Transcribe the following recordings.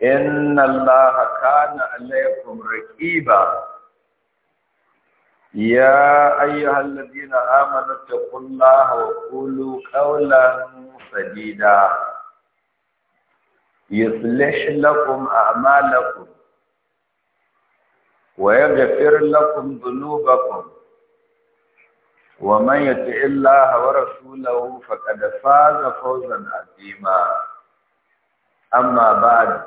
inna allaha kana alaykum raqiba ya ayyuhal ladina amanu taqullaha wa qulu qawlan sadida yuslih lakum a'malakum wa yaghfir lakum dhunubakum ومن يطع wa ورسوله فقد فاز فوزا عظيما Amma بعد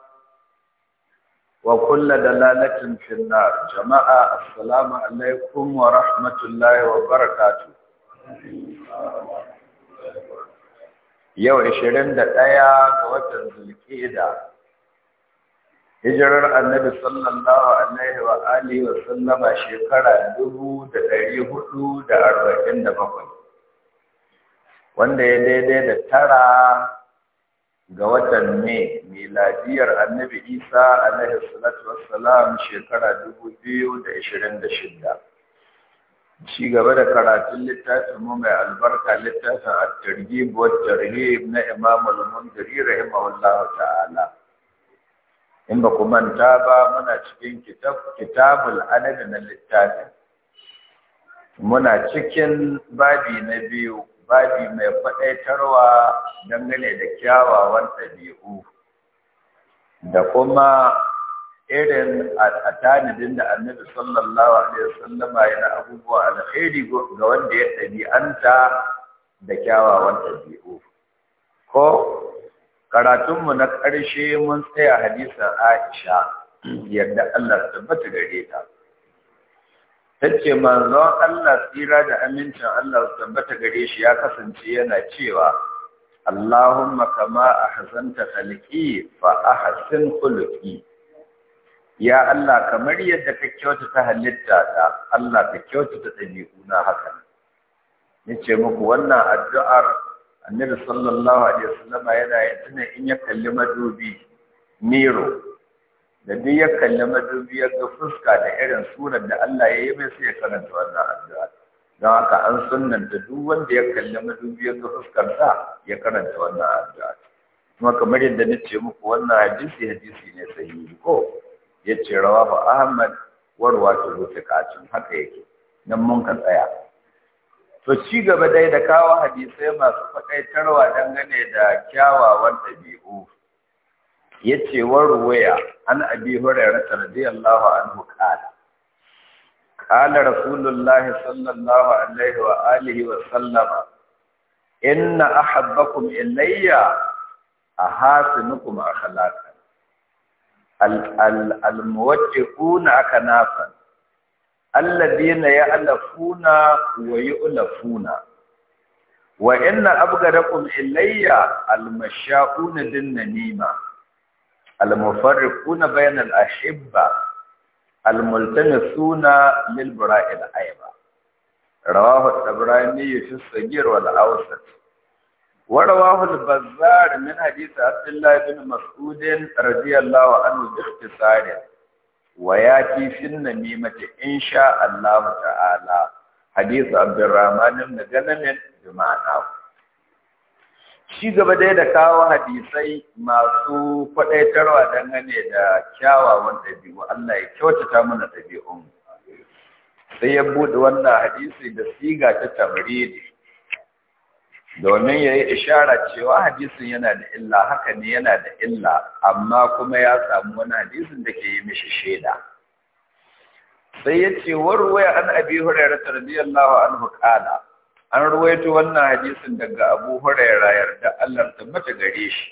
wa kulla dalalatin fil nar jama'a assalamu alaikum wa rahmatullahi wa barakatuh yau da ɗaya ga watan zulqa'da hijirar annabi sallallahu alaihi wa alihi wa sallama shekara dubu da da da arba'in bakwai. wanda ya daidai da tara. ga watan Mai miladiyar Annabi Isa alaihi salatu wassalam shekara shida. shi gaba da karatun littafin mu mai albarka littafin at-targhib wa tarhib na Imam al-Mundiri rahimahullahu ta'ala in ba ku manta ba muna cikin kitab kitabul adad na littafin muna cikin babi na biyu babi mai faɗaitarwa dangane da kyawawan ɗabi'u da kuma irin a tanadin da annabi sallallahu alaihi wasallama yana abubuwa alkhairi ga wanda ya ɗabi'anta da kyawawan ɗabi'u ko karatunmu na ƙarshe mun tsaya Hadisan Aisha yadda Allah tabbata gare ta tace manzon Allah tsira da amincin Allah su tabbata gare shi ya kasance yana cewa Allahumma kama ahsanta khalqi fa ahsin khuluqi ya Allah kamar yadda ka kyautata halitta ta Allah ka kyautata dabi'una haka nace muku wannan addu'ar Annabi sallallahu alaihi wasallam yana yin in ya kalli madubi miro da duk ya kalli madubiyar ya ga fuska da irin surar da Allah ya yi mai sai ya karanta wannan addu'a don haka an sunanta duk wanda ya kalli madubiyar ya ga fuskarsa ya karanta wannan addu'a kuma kamar yadda na ce muku wannan hadisi hadisi ne sahihi ko ya ce rawa ba Ahmad warwa ta zo ta kacin haka yake nan mun ka tsaya to ci gaba dai da kawo hadisai masu faɗaitarwa dangane da kyawawan ɗabi'u yace wa ruwaya an abi hurairah radiyallahu anhu qala qala rasulullahi sallallahu alaihi wa alihi wa sallama inna ahabbakum ilayya ahasinukum akhlaqan al al al muwajjiquna akanasan alladhina ya'lafuna wa yu'lafuna wa inna abgadakum ilayya al mashaquna bin namima المفرقون بين الأحبة الملتمسون للبراء العيبة رواه الطبراني في الصغير والأوسط ورواه البزار من حديث عبد الله بن مسعود رضي الله عنه باختصار وياتي في النميمة إن شاء الله تعالى حديث عبد الرحمن بن غنم بمعناه Shi gaba dai da kawo hadisai masu don hane da kyawawan ɗabi'u Allah ya kyautata mana ɗabi'un sai ya buɗe wannan hadisi da siga ta tabridi domin ya yi ishara cewa hadisin yana da illa haka ne yana da illa amma kuma ya samu wani hadisin da ke yi mishi shaida sai ya ce warwaya an abi hurairar radiyallahu an qala an ruwaito wannan hadisin daga Abu Hurairah yarda Allah tabbata gare shi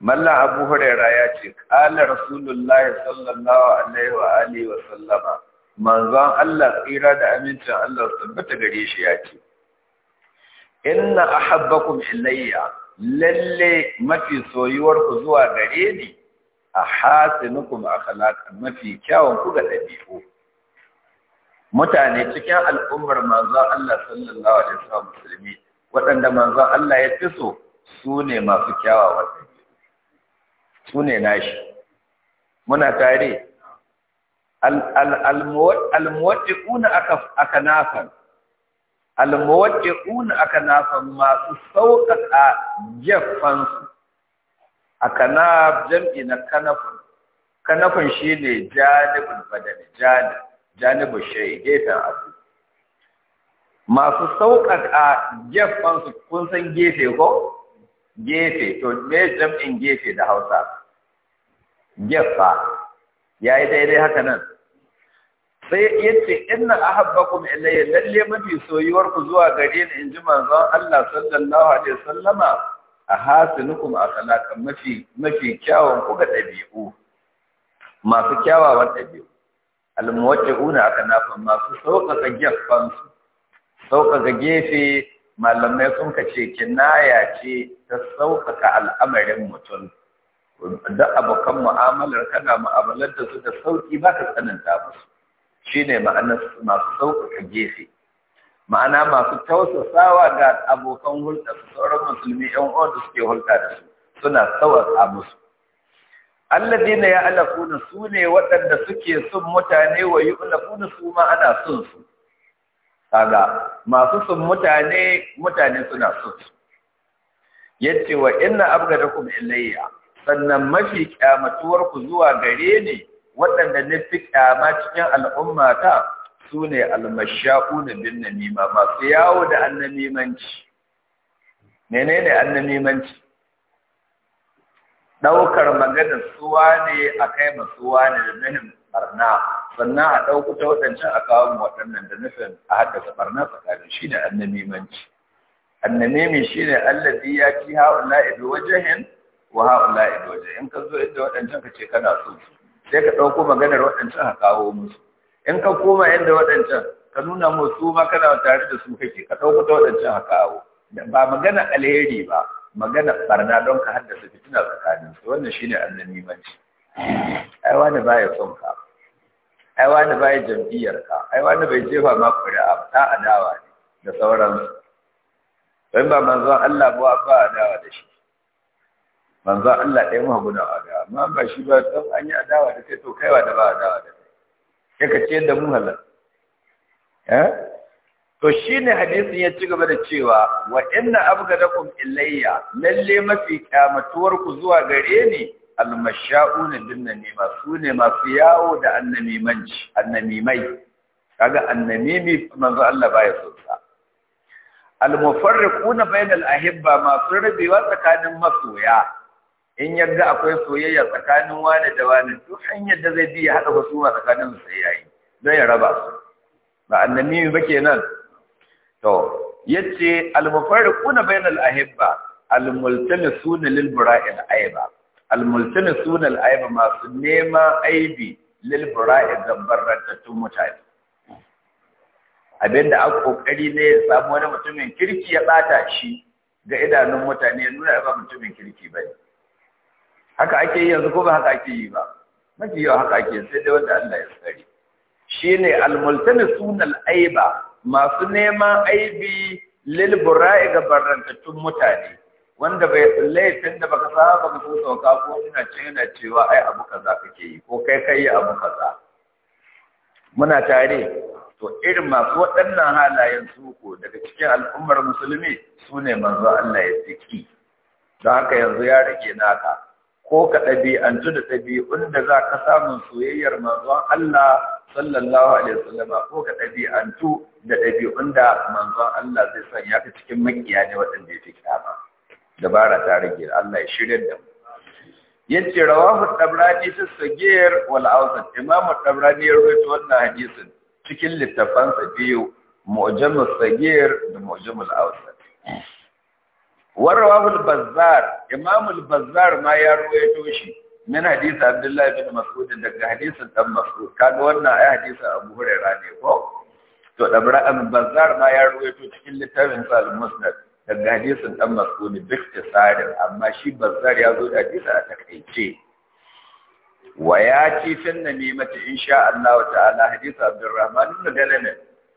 Malla Abu Hurairah ya ce qala Rasulullahi sallallahu alaihi wa alihi wa sallama manzon Allah tsira da amincin Allah tabbata gare shi ya ce inna ahabbakum ilayya lalle mafi soyuwar ku zuwa gare ni a hasinukum akhlaq mafi kyawun ku ga dabi'u mutane cikin al'ummar manzo Allah sallallahu alaihi wasallam musulmi waɗanda manzo Allah ya fi so su ne masu kyawawa su ne nashi muna tare al-muwaddiquna aka nafan al-muwaddiquna aka nafan masu sauƙaƙa a akanaf jam'i na kanafin kanafin shine janibul badani janib janibu shay gefen abu masu sauƙaƙa gefen su kun san gefe ko gefe to me jam'in gefe da Hausa gefa Ya yi daidai haka nan sai yace inna ahabbakum ilayya lalle mafi soyuwar ku zuwa gare ni inji manzon Allah sallallahu alaihi wasallama a salaka mafi mafi kyawun ku ga ɗabi'u. masu kyawawan ɗabi'u. almuwaddi'una aka nafa masu sauƙaƙa gefansu sauƙaƙa gefe malamai sun ka ce kinaya ce ta sauƙaƙa al'amarin mutum Da abokan mu'amalar kana mu'amalar da su da sauƙi ba ka tsananta musu shine ma'anar masu sauƙaƙa gefe ma'ana masu tausasawa ga abokan hulɗa sauran musulmi 'yan uwa da suke hulɗa da su suna sauƙaƙa musu alladina ya alafuna su ne waɗanda suke son mutane wa yu'lafuna su ma ana son su kaga masu sun mutane mutane suna son su yace wa inna abgadakum ilayya sannan mafi kyamatuwar ku zuwa gare ne waɗanda ne fi kyama cikin al'umma ta su ne almashaku da bin namima masu yawo da annamimanci menene annamimanci ɗaukar magana suwa ne a kai masuwa ne da nufin barna sannan a ɗauku ta waɗancan a kawo waɗannan da nufin a haddasa barna tsakanin shi ne annabi mai shi ne allazi ya ci ha'ula ido wajahin wa ha'ula ido wajahin ka zo inda waɗancan ka ce kana so sai ka ɗauko maganar waɗancan a kawo musu in ka koma inda waɗancan ka nuna musu ma kana tare da su kake ka ɗauko ta waɗancan a kawo ba magana alheri ba magana barna don ka haddasa fitina tsakanin su wannan shine annamimanci ai wani baya son ka ai wani baya jam'iyyar ka ai wani bai jefa ma ƙuri'a ta adawa ne da sauransu don ba manzon Allah ba ba adawa da shi manzon Allah ɗaya ma na adawa amma ba shi ba don an yi adawa da kai to kaiwa da ba adawa da kai sai ka ce da mu halar eh to ne hadisin ya ci gaba da cewa wa inna abgadakum ilayya lalle mafi kyamatuwar ku zuwa gare ni almasha'una binnamima sune masu yawo da annami mai, kaga annamimi manzo Allah baya so sa almufarriquna bainal ahibba masu rabewa tsakanin masoya in yadda akwai soyayya tsakanin wani da wani duk hanyar da zai biya hada husuma tsakanin su sai yayi zai raba su ba annamimi ba kenan to yace al-mufarriquna bainal ahibba al suna lil bura'il aiba al-multamisuna al aiba masu nema aibi lil bura'il zabbaratattun mutane abinda aka kokari ne ya samu wani mutumin kirki ya bata shi ga idanun mutane nuna ba mutumin kirki bane haka ake yi yanzu ko ba haka ake yi ba mafi yawa haka ake sai dai wanda Allah ya tsare shine al-multamisuna al aiba masu neman aibi lilbura ya ga barrantattun mutane wanda bai laifin da baka saba ba so sauka ko ina ce yana cewa ai abu kaza kake yi ko kai kai abu kaza muna tare to irin masu waɗannan halayen suko daga cikin al'ummar musulmi su ne manzo Allah ya tsiki don haka yanzu ya rage naka ko ka ɗabi'antu da ɗabi'un da za ka samun soyayyar manzon Allah sallallahu alaihi wasallam ko ka ɗabi'antu da ɗabi'un da manzon Allah zai sanya ka cikin makiya ne waɗanda ya fi dabara ta rage Allah ya shirya da mu yace rawahu tabrani ta sagir wal awsat imamu tabrani ya wannan hadisin cikin littafan sa biyu mu'jam sagir da mu'jam al awsat wa rawahu al bazzar imamu al bazzar ma ya rawaito shi min hadisi Abdullahi bin Mas'ud daga hadisin dan Mas'ud kaga wannan ai hadisin Abu Hurairah ne ko to dabra an bazar ma ya ruwaito cikin littafin sa al-Musnad daga hadisin dan Mas'ud bi ikhtisarin amma shi bazar ya zo da hadisi a takaice wa ya ci fin namimati insha Allah ta'ala hadisi Abdurrahman ibn Ghanem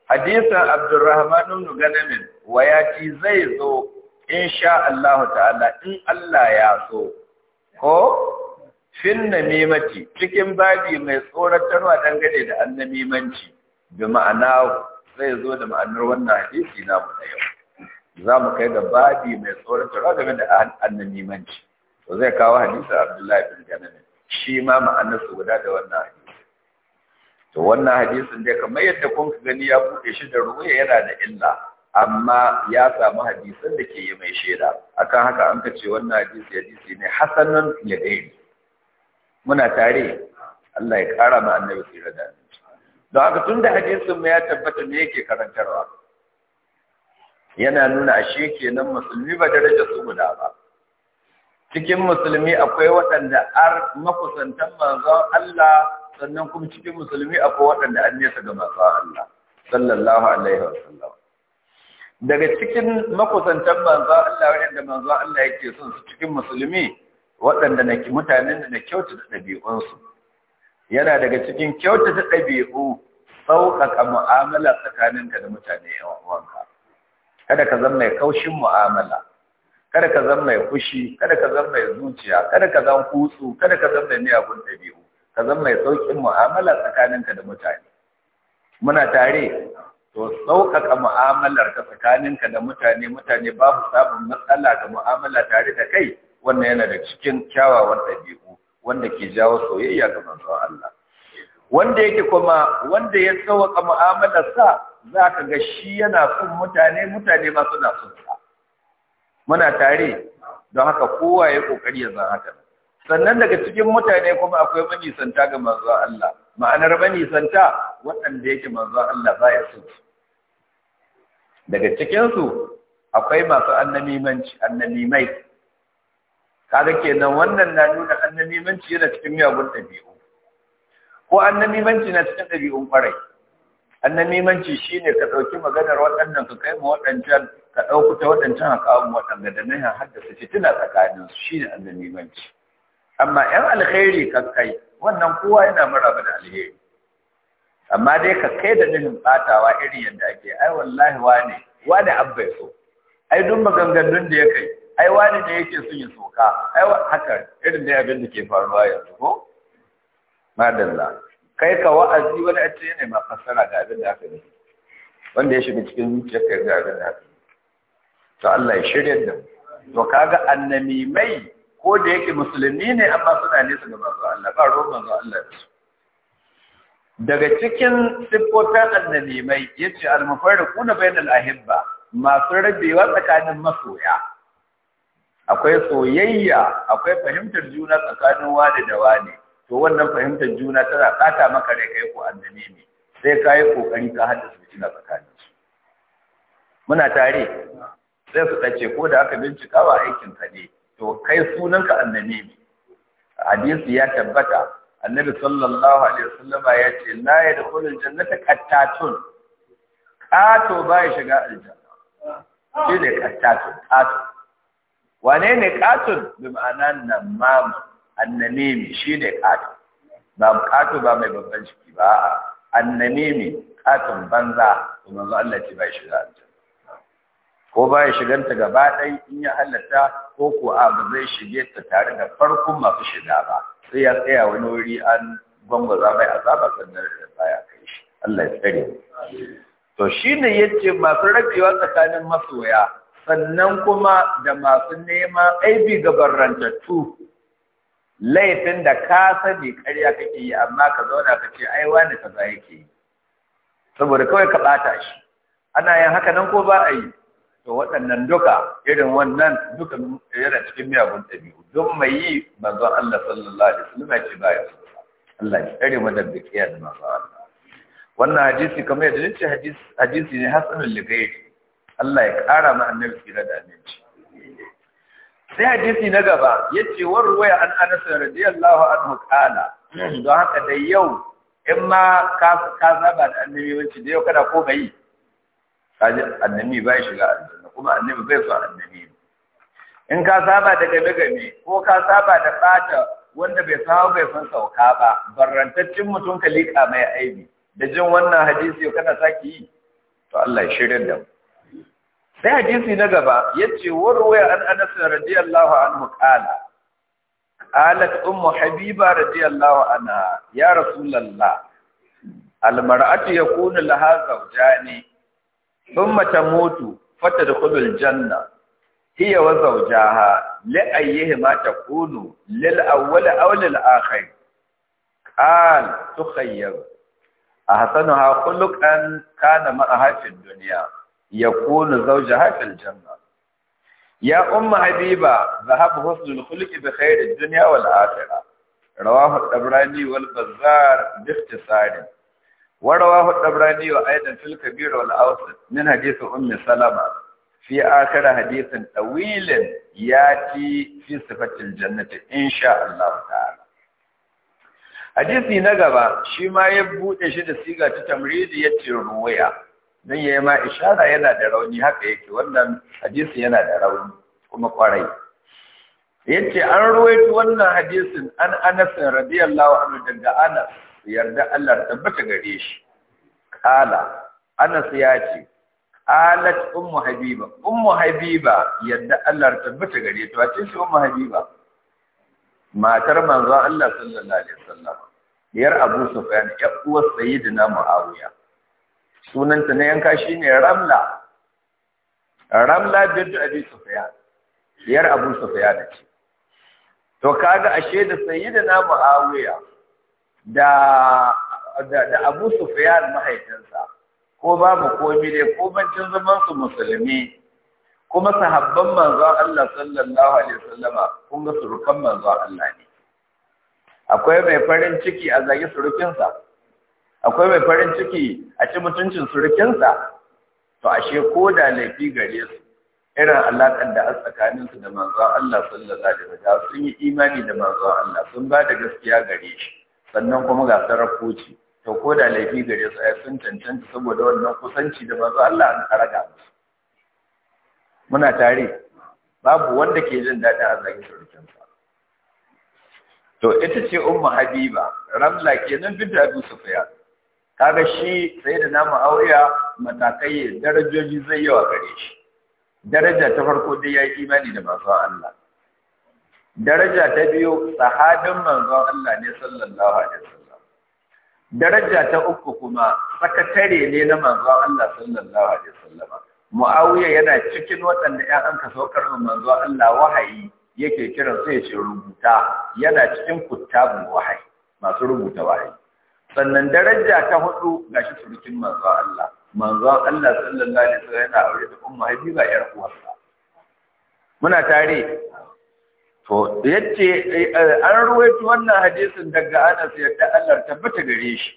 hadisin Abdurrahman ibn Ghanem wa ya ci zai zo insha Allah ta'ala in Allah ya so ko fin namimati cikin babi mai tsoratarwa dangane da an mimanci, bi ma'ana zai zo da ma'anar wannan hadisi na mu yau za mu kai da babi mai tsoratarwa game da an annamimanci to zai kawo hadisi Abdullahi bin ganin shi ma ma'anar su guda da wannan hadisi to wannan hadisin dai kamar yadda kun gani ya buɗe shi da ruwaya yana da illa amma ya samu hadisan da ke yi mai shaida akan haka an ka ce wannan hadisi hadisi ne hasanan ya gairi muna tare Allah ya kara ma annabi tsira da don haka tun da hadisin ya tabbata me yake karantarwa yana nuna ashe kenan musulmi ba daraja su guda ba cikin musulmi akwai waɗanda ar makusantan manzo Allah sannan kuma cikin musulmi akwai waɗanda an nesa ga manzo Allah sallallahu alaihi wasallam daga cikin makusantan manzo Allah wanda manzo Allah yake son su cikin musulmi waɗanda na mutanen da na kyautata ɗabi'unsu yana daga cikin kyautata ɗabi'u sauƙaƙa mu'amala tsakaninka da mutane yawan uwanka kada ka zama mai kaushin mu'amala kada ka zama mai fushi kada ka zama mai zuciya kada ka zama kutsu kada ka zama mai miyagun ɗabi'u ka zama mai sauƙin mu'amala tsakaninka da mutane muna tare to sauƙaƙa mu'amalar ka tsakaninka da mutane mutane babu samun matsala ga mu'amala tare da kai wannan yana da cikin kyawawan ɗabi'u wanda ke jawo soyayya ga manzon Allah wanda yake kuma wanda ya sauka mu'amalarsa za ka ga shi yana son mutane mutane ma suna son sa muna tare don haka kowa ya kokari ya zan haka sannan daga cikin mutane kuma akwai manisanta ga manzo Allah ma'anar manisanta waɗanda yake manzo Allah ba ya so daga cikin su akwai masu annabimanci annabimai kaga kenan wannan na nuna nimanci yana cikin miyagun ɗabi'u ko annabimanci na cikin ɗabi'un farai shi shine ka ɗauki maganar waɗannan ka kai ma waɗancan ka ɗauku ta waɗancan a kawo waɗanda da nan haddasa fitina tsakanin su shine nimanci. amma 'yan alheri ka kai wannan kowa yana maraba da alheri amma dai ka kai da nufin batawa irin yadda ake ai wallahi wane wane abba so ai duk maganganun da ya kai ai wani ne yake son ya soka ai haka irin da abin da ke faruwa yanzu ko madalla kai ka wa'azi wani a cikin ne ma fassara ga abin da aka yi wanda ya shiga cikin zuciyar ka ga abin da aka yi to Allah ya shirya da to kaga mai, ko da yake musulmi ne amma suna nesa ga manzo Allah ba ruwan manzo Allah ya daga cikin siffofin mai, yace al-mufarriquna bainal ahibba masu rabewa tsakanin masoya akwai soyayya akwai fahimtar juna tsakanin wani da wani to wannan fahimtar juna tana kata maka rai kai ko annabi ne sai kai kokari ka hada su cikin tsakanin su muna tare sai su dace ko da aka bincika wa aikin ka ne to kai sunan ka annabi ne hadisi ya tabbata annabi sallallahu alaihi wasallam ya ce la yadkhulul jannata qattatun qato ba ya shiga aljanna shi ne qattatun qato wane ne katun bi ma'ana namam annamimi ne katun ba katun ba mai babban ciki ba annamimi katun banza ko manzo Allah ce bai shiga ko ba ya shiganta gaba dai in ya halatta ko ko a ba zai shige ta tare da farkon masu shiga ba sai ya tsaya wani wuri an gwangwaza mai azaba sannan da tsaya kai shi Allah ya tsare to shine yace masu rabewa tsakanin masoya sannan kuma da masu neman aibi gabarantattu laifin da ka sani karya kake yi amma ka zauna ka ce ai wani kaza yake yi saboda kawai ka ɓata shi ana yin haka nan ko ba a yi to waɗannan duka irin wannan duka yana cikin miyagun ɗabi'u don mai yi manzon Allah sallallahu alaihi wasallam ya ce ba ya Allah ya tsare mu da bikiya da manzon wannan hadisi kamar yadda nace hadisi hadisi ne hasanul lighairi Allah ya ƙara ma annabi tsira da aminci sai hadisi na gaba Ya yace warwaya an Anas radiyallahu anhu kana don haka dai yau in ma ka ka saba da annabi wanci da yau kada ko bai kaji annabi bai shiga aljanna kuma annabi bai so annabi in ka saba da game game ko ka saba da bata wanda bai samu bai san sauka ba barrantaccen mutum ka liƙa mai aibi da jin wannan hadisi yau kana saki yi to Allah ya shirya da mu sai hadisi na gaba yace warwaya an anas radiyallahu anhu qala qalat ummu habiba radiyallahu anha ya rasulullah almar'atu yakunu laha zawjani thumma tamutu fatadkhulul janna hiya wa zawjaha li ayyihima takunu lil awwal aw lil akhir qal tukhayyar ahsanuha khuluqan kana ma'aha fid dunya yakunu zawjaha fil janna ya umma habiba zahab husnul khuluq bi khair ad-dunya wal akhirah rawahu ad-dabrani wal bazzar bi ikhtisar wa rawahu ad-dabrani wa aidan fil kabir min hadith ummi salama fi akhir hadithin ɗawilin yati fi sifatil jannati insha Allah ta'ala na gaba shi ma ya buɗe shi da siga ta tamridi yace don yi ma ishara yana da rauni haka yake wannan hadisi yana da rauni kuma kwarai yace an ruwaito wannan hadisin an Anas radiyallahu anhu daga Anas yarda Allah tabbata gare shi kala Anas ya ce alat ummu habiba ummu habiba yadda Allah tabbata gare ta wace ce ummu habiba matar manzon Allah sallallahu alaihi wasallam yar Abu Sufyan ya uwar sayyidina Muawiya sunanta na yanka shi ne ramla ramla bintu abi sufyan yar abu sufyan ce to kaga ashe da sayyidina muawiya da da, da abu sufyan mahaifinsa ko babu komai ne ko bancin zaman su musulmi kuma sahabban manzon Allah sallallahu alaihi wasallama kun ga surukan manzon Allah ne akwai mai farin ciki a zagi surukinsa akwai mai farin ciki a ci mutuncin surukinsa to ashe ko da laifi gare su irin alaƙar da a tsakaninsu da manzo Allah sallallahu alaihi wasallam sun yi imani da manzo Allah sun ba da gaskiya gare shi sannan kuma ga sarakoci to ko da laifi gare su ai sun cancanta saboda wannan kusanci da manzo Allah an karaga muna tare babu wanda ke jin daɗi a zagin surukinsa to ita ce ummu habiba ramla kenan bidda abu sufyan kaga shi sai da namu auya matakai darajoji zai yi yawa gare shi daraja ta farko dai ya yi imani da manzon Allah daraja ta biyu sahabin manzon Allah ne sallallahu alaihi wasallam daraja ta uku kuma sakatare ne na manzon Allah sallallahu alaihi wasallam Muawiya yana cikin waɗanda ‘yan an kaso saukar manzo Allah wahayi yake kiran sai ce rubuta yana cikin kuttabun wahayi masu rubuta wahayi sannan daraja ta hudu ga shi surukin manzo Allah manzo Allah sallallahu alaihi wasallam yana aure da ummu habiba yar uwarsa muna tare to yace eh, eh, an ruwaito wannan hadisin daga Anas yadda Allah tabbata gare shi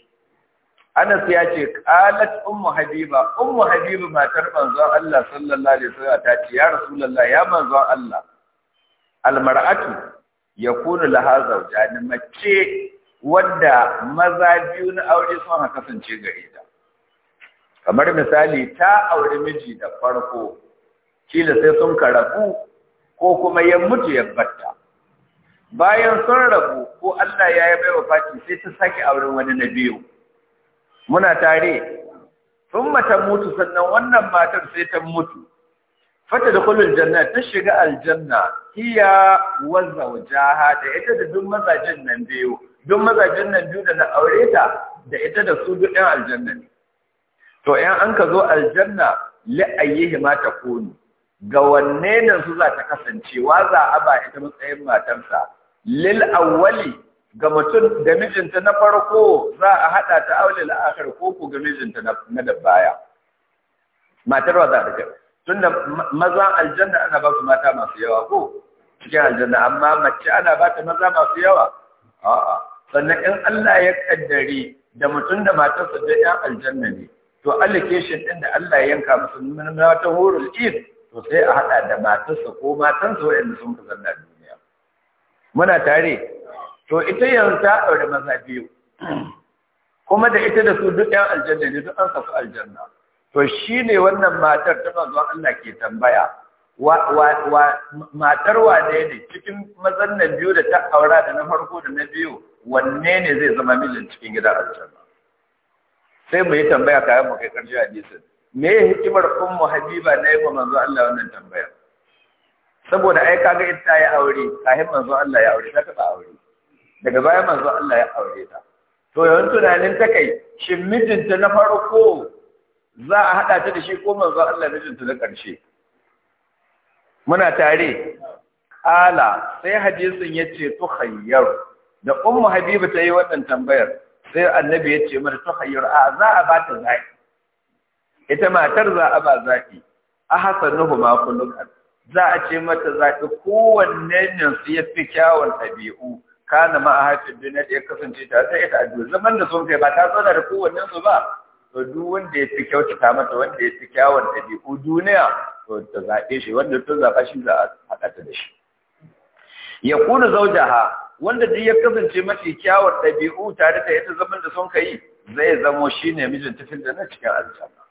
Anas ya ce qalat ummu habiba ummu habiba matar manzo Allah sallallahu alaihi wasallam ta ce ya rasulullah ya manzo Allah almar'atu yakunu laha zawjani mace wadda maza biyu na aure sun haka kasance ga ita. kamar misali ta aure miji da farko kila sai sun karabu ko kuma ya mutu ya batta bayan sun rabu ko Allah ya yi baiwa fati sai ta sake auren wani na biyu muna tare sun mata mutu sannan wannan matar sai ta mutu fata da kullun janna ta shiga aljanna hiya wa Jaha da ita da duk mazajen nan biyu don mazajen nan biyu da na aure ta da ita da su duk ɗan aljanna ne to 'yan an ka zo aljanna la'ayyihi ma ta kunu ga wanne nan su za ta kasance wa za a ba ita matsayin matarsa lil awwali ga mutum da mijinta na farko za a haɗa ta aure la'akar ko ga mijinta na da baya matar wa za ta kai da mazan aljanna ana ba su mata masu yawa ko cikin aljanna amma mace ana ba ta maza masu yawa a'a sannan in Allah ya kaddare da mutum da matarsa da ɗan aljanna ne to allocation ɗin da Allah ya yanka musu na ta horul if to sai a haɗa da matarsa ko matansa waɗanda sun fi zanna duniya muna tare to ita yanzu ta ɗaure maza biyu kuma da ita da su duk ɗan aljanna ne duk an safi aljanna to shi ne wannan matar ta zuwa Allah ke tambaya matar wane ne cikin mazan biyu da ta aura da na farko da na biyu wanne ne zai zama mijin cikin gidan aljanna sai mu yi tambaya kayan mu kai karshe hadisin me ya hikimar ummu habiba na yi wa manzo Allah wannan tambaya saboda ai kaga ita ya aure kafin manzo Allah ya aure ta taba aure daga baya manzo Allah ya aure ta to yawan tunanin ta kai shin mijinta na farko za a hada ta da shi ko manzo Allah mijinta na karshe muna tare ala sai hadisin ya ce tuhayyar da ummu habiba ta yi wannan tambayar sai annabi ya ce mata tuhayyar a za a ba ta zaki ita matar za a ba zaki a hasanuhu ma kullukan za a ce mata zaki kowanne ne su ya fi kyawun ɗabi'u kana ma a hafi duniya da ya kasance ta sai ita a zaman da sun kai ba ta zauna da kowanne su ba to duk wanda ya fi kyautata mata wanda ya fi kyawun ɗabi'u duniya to ta zaɓe shi wanda ta zaɓa shi za a haɗa ta da shi ya kuna ha wanda duk ya kasance mafi kyawar ɗabi'u tare da yadda zaman da sun yi, zai zamo shi ne mijin tafin da na cikin aljanna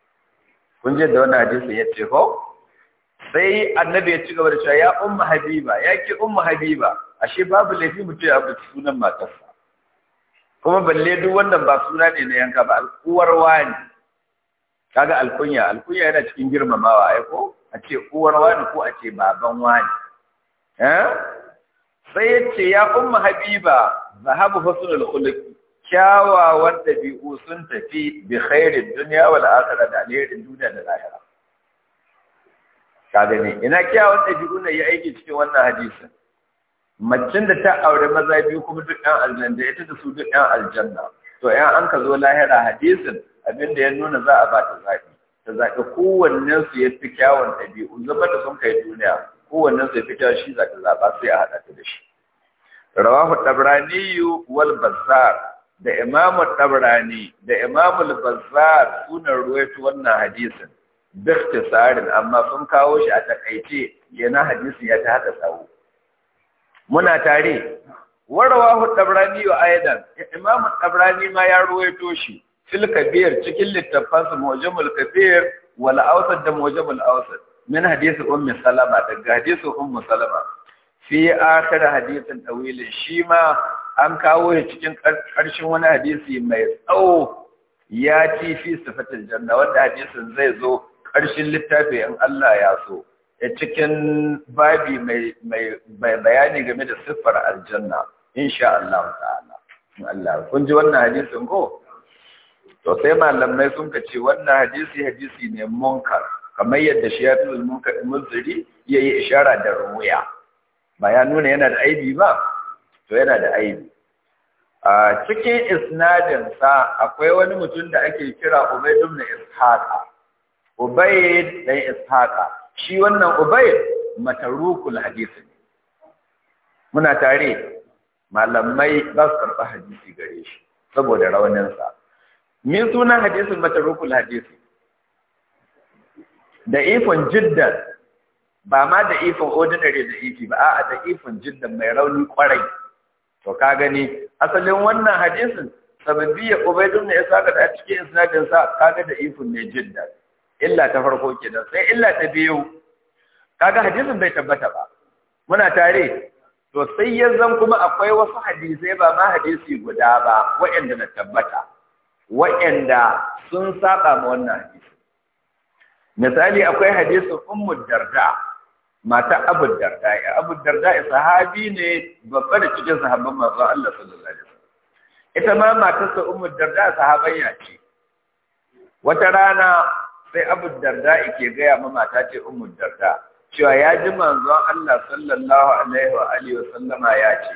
kun je da wani hadisi ya ce ko sai annabi ya ci gaba da cewa ya umma habiba ya ki umma habiba ashe babu laifi mutum ya abu sunan matarsa kuma balle duk wannan ba suna ne na yanka ba al'uwar wani kaga alkunya alkunya yana cikin girmamawa ai ko a ce uwar wani ko a ce baban wani eh? sai ya ce ya umma habiba zahabu husnul khuluqi kyawawan ɗabi'u sun tafi bi khairin duniya wal da alherin duniya da lahira Ka gani, ina kyawawan ɗabi'u na yi aiki cikin wannan hadisi macin da ta aure maza biyu kuma duk ɗan aljanna ita da su duk ɗan aljanna to 'yan an ka zo lahira hadisin abin da ya nuna za a ba ta zaɓi ta zaɓi kowannen su ya fi kyawun ɗabi'u zama da sun kai duniya kowannen su ya fi kyawun shi za zaɓa sai a haɗa ta da shi rawahu tabraniyu wal bazar da imamu tabrani da imamu bazar sunan ruwaitu wannan hadisin tsarin, amma sun kawo shi a takaice yana hadisin ya ta haɗa tsawo muna tare warawahu tabrani wa aidan imamu tabrani ma ya ruwaito shi fil cikin littafan su mujamul kabir wal awsat da mujamul awsat min hadisi ummi salama daga hadisi ummi salama fi akhir hadisin tawil shi ma an kawo shi cikin karshen wani hadisi mai tsawo ya ci fi sifatil janna wanda hadisin zai zo karshen littafi in Allah ya so cikin babi mai bayani game da siffar aljanna insha Allah ta'ala Allah kun ji wannan hadisin ko to sai malamai sun ka ce wannan hadisi hadisi ne munkar kamar yadda shi ya fi munkar muzuri ya yi ishara da ruwaya ba ya nuna yana da aibi ba to yana da aibi a cikin isnadin sa akwai wani mutum da ake kira Ubayd ibn Ishaqa Ubayd dan Ishaqa shi wannan Ubayd matarukul hadisi muna tare malamai ba su karɓi hadisi gare shi saboda rawaninsa min sunan hadisin matarukul hadisi da ifon jiddan ba ma da ifon ordinary da ifi ba a'a da ifon jiddan mai rauni kwarai to ka gani asalin wannan hadisin sababbi ya ubaidun ne ya saka da cikin isnadin sa kaga da ifon ne illa ta farko kenan sai illa ta biyu kaga hadisin bai tabbata ba muna tare to sai yanzu kuma akwai wasu hadisai ba ma hadisi guda ba waɗanda na tabbata waɗanda sun saba ma wannan hadisi misali akwai hadisi ummu darda mata abu darda ya abu darda sahabi ne babba da cikin sahabban manzon Allah sallallahu alaihi wasallam ita ma matarsa ummu darda sahabanya ce wata rana sai abu darda ke gaya ma mata ce ummu darda cewa ya ji manzon Allah sallallahu alaihi wa alihi wa ya ce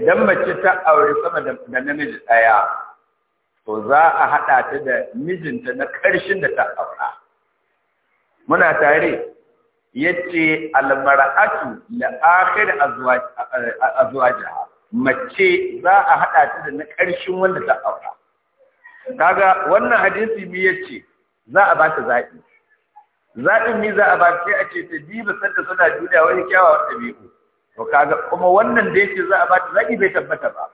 idan mace ta aure sama da namiji daya to za a haɗa ta da mijinta na ƙarshen da ta aura muna tare yace almar'atu a zuwa azwajaha mace za a haɗa ta da na ƙarshen wanda ta aura kaga wannan hadisi mi yace za a ba ta zaɓi zaɓin mi za a ba ta a ce ta diba sanda suna duniya wani kyawawan ɗabi'u to kaga kuma wannan da yake za a ba ta zaɓi bai tabbata ba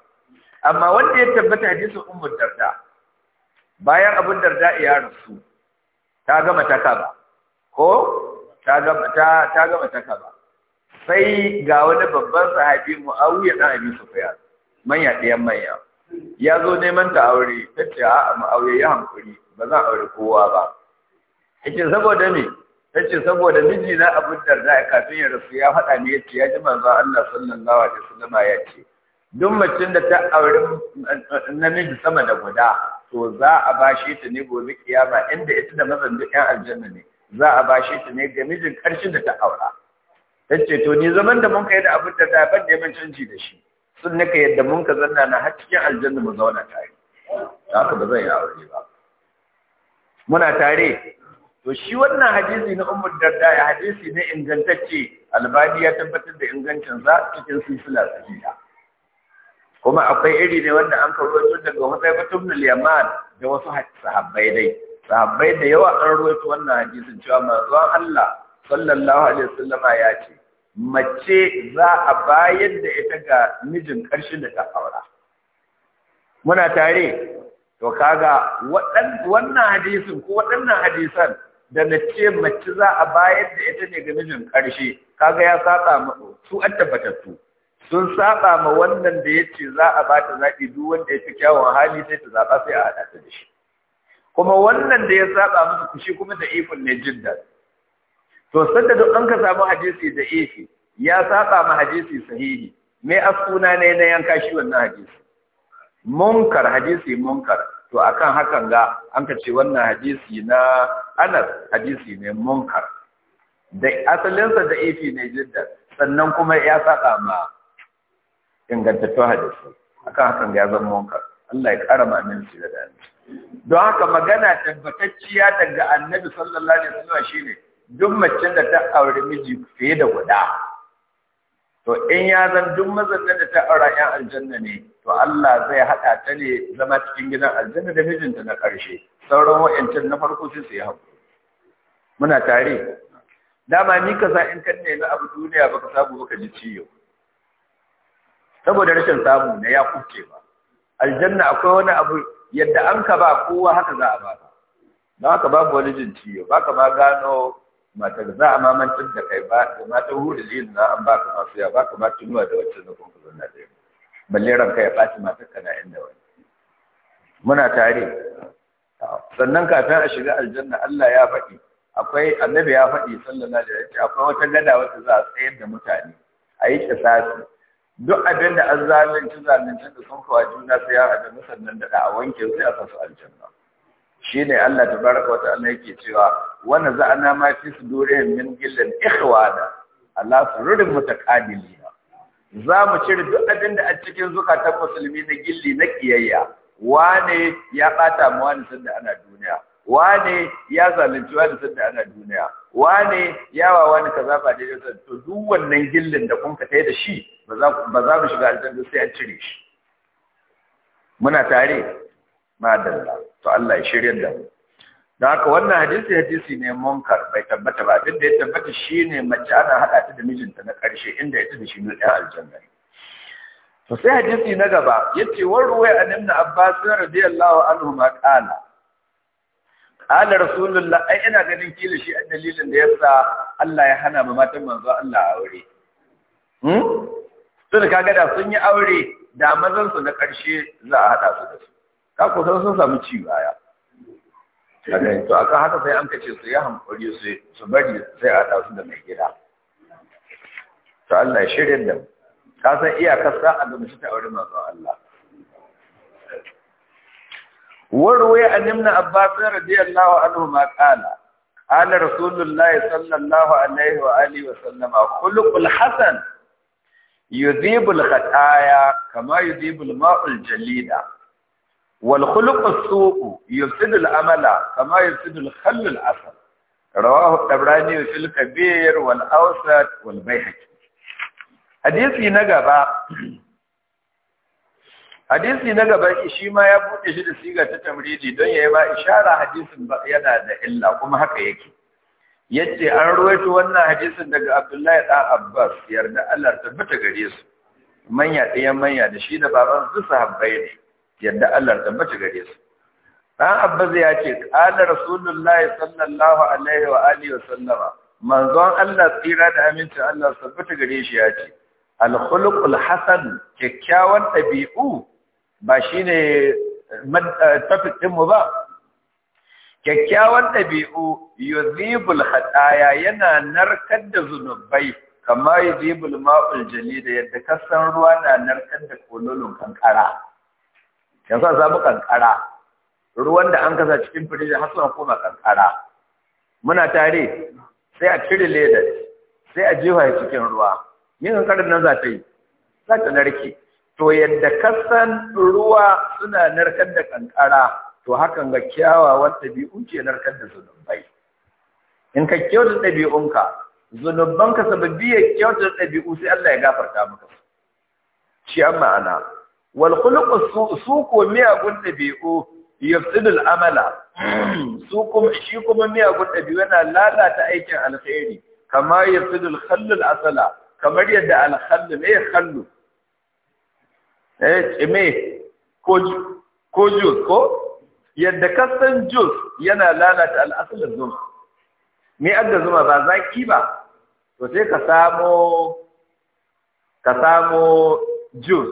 amma wanda ya tabbata hadisin ummu darda bayan abun darda ya rasu ta gama ta kaba ko ta gama ta ta gama ta kaba sai ga wani babban sahabi muawiya dan abi sufyan manya ɗayan manya ya zo neman ta aure ta ce a muawiya ya hankuri ba zan aure kowa ba yace saboda me tace saboda miji na abun darda kafin ya rasu ya faɗa ne ce ya ji manzo Allah sallallahu alaihi wasallama ya ce duk macin da ta auri namiji sama da guda to za a bashe ta ne gobe kiyama inda ita da mazan duk yan aljanna ne za a bashe ta ne ga mijin karshen da ta aura ta ce to ni zaman da mun kai da abin da ta da mun canji da shi sun naka yadda mun ka zanna na har cikin aljanna mu zauna tare haka ba zan yi aure ba muna tare to shi wannan hadisi na umar darda ya hadisi ne ingantacce albadi ya tabbatar da ingancin sa cikin silsila sahiha kuma akwai iri ne wanda an tun daga Hudayfa batun al-Yaman da wasu sahabbai dai sahabbai da yawa an rawaito wannan hadisin cewa manzon Allah sallallahu alaihi wasallama ya ce mace za a bayar da ita ga mijin ƙarshen da ta aura muna tare to kaga wannan hadisin ko waɗannan hadisan da na ce mace za a bayar da ita ne ga mijin ƙarshe kaga ya saka su an tabbatattu sun saba ma wannan da ya ce za a ba ta zaɓi duk wanda ya fi kyawun hali sai ta zaɓa sai a haɗa ta da shi kuma wannan da ya saba musu kushi kuma da ifin ne jin daɗi to sanda duk an ka samu hadisi da ifi ya saba ma hadisi sahihi me asuna ne na yanka shi wannan hadisi munkar hadisi munkar to akan hakan ga an ka ce wannan hadisi na anas hadisi ne munkar da asalinsa da ifi ne jidda sannan kuma ya saba ma ingantattun hadisi akan hakan ya zama wanka, Allah ya ƙara ma aminci da dani don haka magana tabbatacciya daga annabi sallallahu alaihi wasallam shine duk macen da ta aure miji fiye da guda to in ya zan duk mazan da ta auri yan aljanna ne to Allah zai haɗa ta ne zama cikin gidan aljanna da mijinta na ƙarshe sauran wa'ancan na farko sai su yi haƙuri muna tare dama ni ka sa in kan nemi abu duniya baka sabu baka ji yau. saboda rashin samu na ya kuke ba aljanna akwai wani abu yadda an ka ba kowa haka za a ba Na haka babu wani jin ciwo ba ka ma gano matar za a mamantar da kai ba da matan hudu zai na an baka masu ya Ba ma tunuwa da wacce na kuma zanna na ɗaya balle ranka ya ɓaci matar kana inda wani muna tare sannan kafin a shiga aljanna Allah ya faɗi akwai annabi ya faɗi sallallahu alaihi sallam akwai wata gada wacce za a tsayar da mutane a yi kisasi duk abin da an zalunci zalunci da sun kawo juna sai ya haɗa musannan da a wanke sai a su aljanna shi ne Allah ta baraka wata Allah yake cewa wanda za a nama fi su dore min gillan da Allah sururin mutaqabilina za mu cire duk abin da a cikin zukatan musulmi na gilli na kiyayya wane ya bata mu wani sanda ana duniya wane ya zalunci wani sanda ana duniya wane yawa wani kaza ba daidai to duk wannan gillin da kun ka da shi ba za mu shiga aljanna sai an cire shi muna tare madalla to Allah ya shirya da mu da haka wannan hadisi hadisi ne munkar bai tabbata ba abin da ya tabbata shi ne mace ana hada ta da mijinta na ƙarshe inda ya tafi shi ne ɗan aljanna to sai hadisi na gaba ya yace wa ruwaya an ibn abbas radiyallahu anhu ma qala qala rasulullah ai ina ganin kila shi dalilin da yasa Allah ya hana ma matan manzo Allah aure hmm tun kaga da sun yi aure da mazansu na ƙarshe za a haɗa su da su ka ko san sun samu ci baya kaga to aka haka sai an kace su ya hankali su su bari sai a haɗa su da mai gida to Allah ya da mu ka san iyakar a da mutum ta aure masu Allah a عن ابن عباس رضي الله عنهما قال قال رسول sallallahu alaihi wa alihi wa sallama kulukul Hassan. yuzibul khataya kama yuzibul ma'ul jalida wal khuluqu su'u amala kama yufsidu al khallu asal rawahu tabrani fil kabir wal awsat wal hadisi na gaba hadisi na gaba shi ma ya buɗe shi da siga ta tamridi don ya yi ba ishara hadisin yana da illa kuma haka yake yace an ruwaito wannan hadisin daga Abdullahi da Abbas yarda Allah tabbata gare su manya ɗaya manya da shi da baban su sahabbai ne yadda Allah tabbata gare su dan Abbas ya ce qala Rasulullahi sallallahu alaihi wa alihi wa sallama manzon Allah tsira da aminci Allah tabbata gare shi ya ce al-khuluqul hasan kyakkyawan ɗabi'u ba shine eh, eh, tafiqin mu ba kyakkyawan ɗabi'u yuzibul haɗaya yana narkar da zunubai kama yuzibul ma'ul da yadda kasan ruwa na narkar da kololin kankara yanzu sa samu kankara ruwan da an kasa cikin firiji har suna koma kankara muna tare sai a cire ledar sai a jefa cikin ruwa yin kankarar nan za ta yi za ta narke to yadda kasan ruwa suna narkar da kankara to hakan ga kyawawan ɗabi'u ke narkar da zunubai in ka kyautar ɗabi'unka zunubanka sababbi ya kyautar ɗabi'u sai Allah ya gafarta maka shi an ma'ana wal khuluqu su ko miyagun ɗabi'u yafsidul amala su kuma shi kuma miyagun ɗabi'u yana lalata aikin alkhairi kama yafsidul khallul asala kamar yadda alkhallu ne khallu eh ko ko jus ko yadda kasan jus yana lalata al'asalin zuma me adda zuma ba zaki ba to sai ka samo ka samo jus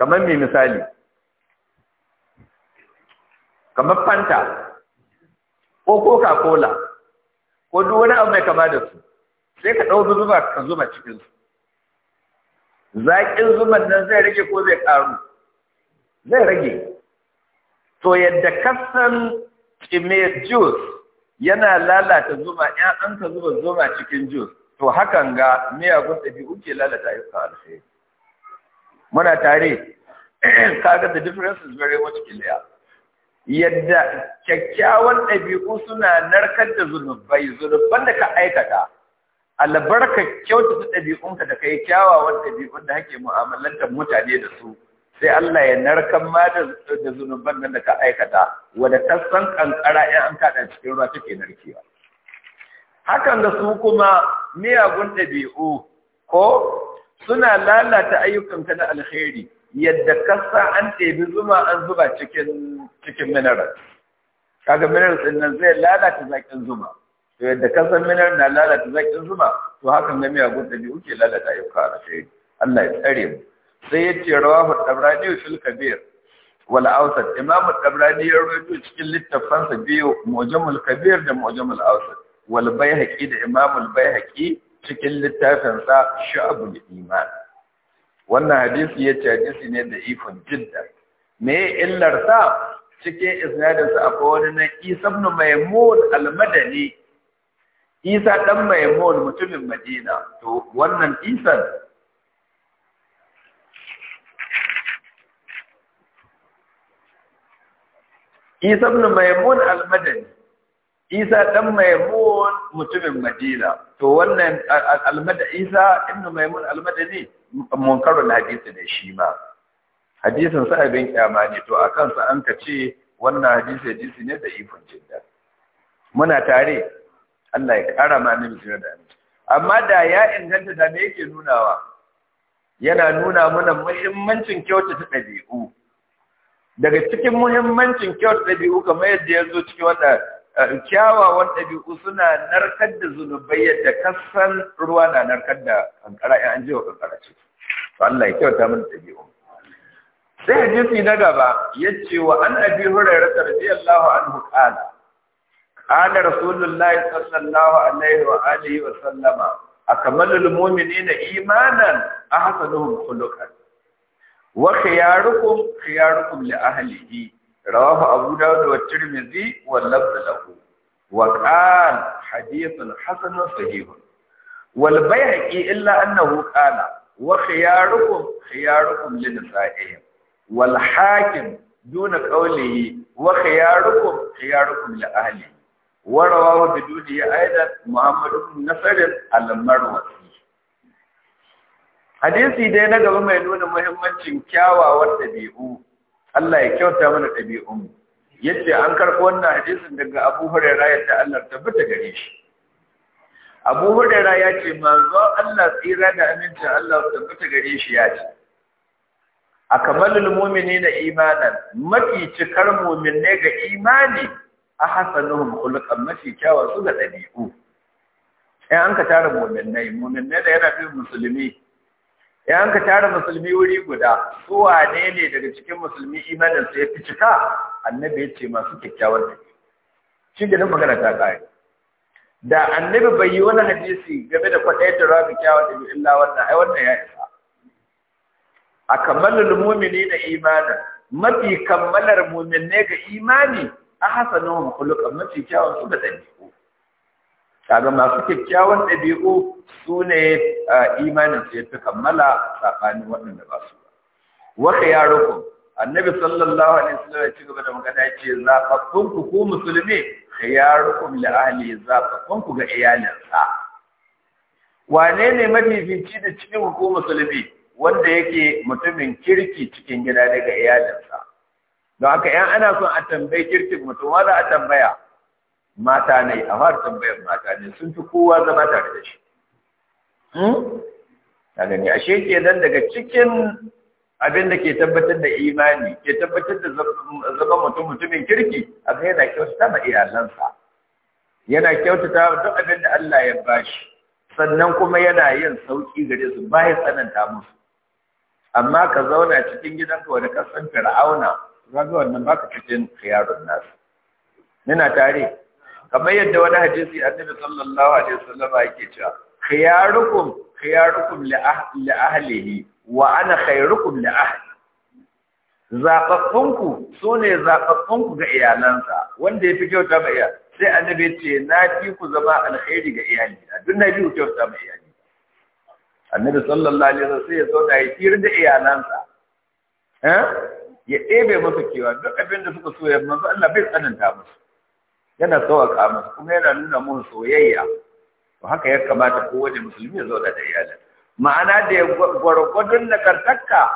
kamar mai misali kamar fanta ko coca-cola ko duk wani abu mai kama da su sai ka ɗau zuma ka zuma cikinsu zaƙin zuman nan zai rage ko zai ƙaru zai rage to yadda kasan kime jus yana lalata zuma ya an ka zuba zuma cikin jus, to hakan ga miyagun ɗabi'u ke lalata ayyuka alheri muna tare kaga the difference is very much clear yadda kyakkyawan ɗabi'u suna narkar da zunubai zunuban da ka aikata albarka kyautata ɗabi'unka da kai kyawawan ɗabi'un da hake mu'amalantar mutane da su sai Allah ya narkan ma da zunuban nan da ka aikata wadda ta san kankara ya an kada cikin ruwa take narkewa hakan da su kuma miyagun ɗabi'u ko suna lalata ayyukanka na alheri yadda kasa an ɗebi zuma an zuba cikin cikin mineral kaga mineral din nan zai lalata zaƙin zuma to yadda kasan mineral na lalata zaƙin zuma to hakan ga miyagun ɗabi'u ke lalata ayyuka alheri Allah ya tsare mu sai yace rawahu tabrani fil kabir wal awsat imam tabrani ya rawaito cikin littafansa biyu mujammal kabir da mujammal awsat wal bayhaqi da imam al bayhaqi cikin littafinsa sha'bul iman wannan hadisi ce hadisi ne da ifon jidda me illar sa cikin sa akwai wani na Isa ibn al-Madani Isa dan maymun mutumin Madina to wannan Isa isa ibn maimun al-madani isa dan maimun mutumin madina to wannan al-madani isa ibn maimun al-madani munkarun hadisi ne shi ma hadisin sa abin kyama ne to akan sa an ka ce wannan hadisi hadisi ne da ifin jinda muna tare Allah ya kara ma ni da amma da ya inganta da me yake nunawa yana nuna mana muhimmancin kyautata ɗabi'u daga cikin muhimmancin kyau da ɗabi'u kamar yadda ya zo cikin wanda eh, kyawawan ɗabi'u suna narkar da zunubai yadda kasan ruwa na narkar da kankara ya an ji wa kankara ce Allah ya kyauta mana ɗabi'u sai hadisi na gaba ya ce wa an abi hurairah radiyallahu anhu qala qala rasulullahi sallallahu alaihi wa alihi wa sallama akmalul mu'minina imanan ahsanuhum khuluqan wa khiyarukum khiyarukum li ahlihi rawahu abu dawud wa tirmidhi wa lafz lahu wa qala hadithun hasan sahih wal bayhaqi illa annahu qala wa khiyarukum khiyarukum li nisa'ihim wal hakim دون قوله وخياركم خياركم لأهله ورواه بدونه أيضا محمد بن نصر المروزي hadisi dai na gaba mai nuna muhimmancin kyawawan ɗabi'u Allah ya kyauta mana ɗabi'un yadda an karɓi wannan hadisin daga Abu Hurairah yadda Allah ta gare shi Abu Hurairah ya ce manzo Allah tsira da aminta Allah ta gare shi ya ce akamalul mu'minina imanan mafi cikar mu'minne ga imani ahsanuhum khuluqan mafi kyawawan su ga ɗabi'u sai an ka tara mu'minnai mu'minnai da yana bin musulmi yan ka tara musulmi wuri guda su wane ne daga cikin musulmi imanin su ya fi cika annabi ya ce masu kyakkyawar ke. shi da magana ta kare da annabi bai yi wani hadisi game da kwaɗayar da rabu kyawar da illa wannan ai wannan ya isa a kammalar mumini da imanin mafi kammalar mumin ne ga imani a hasanin hukulukan mafi kyawar su da ɗabi'u kaga masu kyakkyawan ɗabi'u su ne imanin su ya fi kammala tsakanin waɗanda ba su ba ya rukun, annabi sallallahu alaihi sallallahu ya ci gaba da magana ce zafaffun ku ku musulmi rukun da ahali zafaffun ku ga iyalinsa wane ne mafifici da cikin ku musulmi wanda yake mutumin kirki cikin gida daga iyalinsa don haka yan ana son a tambayi kirkin mutum wanda a tambaya mata ne a fara tambayar mata ne sun fi kowa zama tare da shi ta hmm? gani ashe ke nan daga cikin abin da ke tabbatar da imani ke tabbatar da zama mutum mutumin kirki abu yana kyautata ma iyalansa yana kyautata duk abin da Allah ya bashi sannan kuma yana yin sauki gare su ba ya tsananta musu amma ka zauna cikin gidanka wani kasan fir'auna zaga wannan baka cikin khiyarun nasu muna tare kamar yadda wani hadisi annabi sallallahu alaihi wasallam yake cewa khiyarukum khiyarukum li ah-, ahlihi wa ana khairukum li ahli zaɓaɓɓunku su ne ga iyalansa wanda ya fi kyauta ma iyali sai annabi ce na fi ku zama alkhairi ga iyali duk na fi ku kyauta ma iyali annabi sallallahu alaihi wasallam sai ya zauna ya fira da iyalansa eh ya ɗebe musu kewa duk abin da suka so ya manzo Allah bai tsananta musu yana sauƙaƙa musu kuma yana nuna mun soyayya to haka ya kamata kowane musulmi ya zauna da iyalin ma'ana da ya gwargwadon nagartarka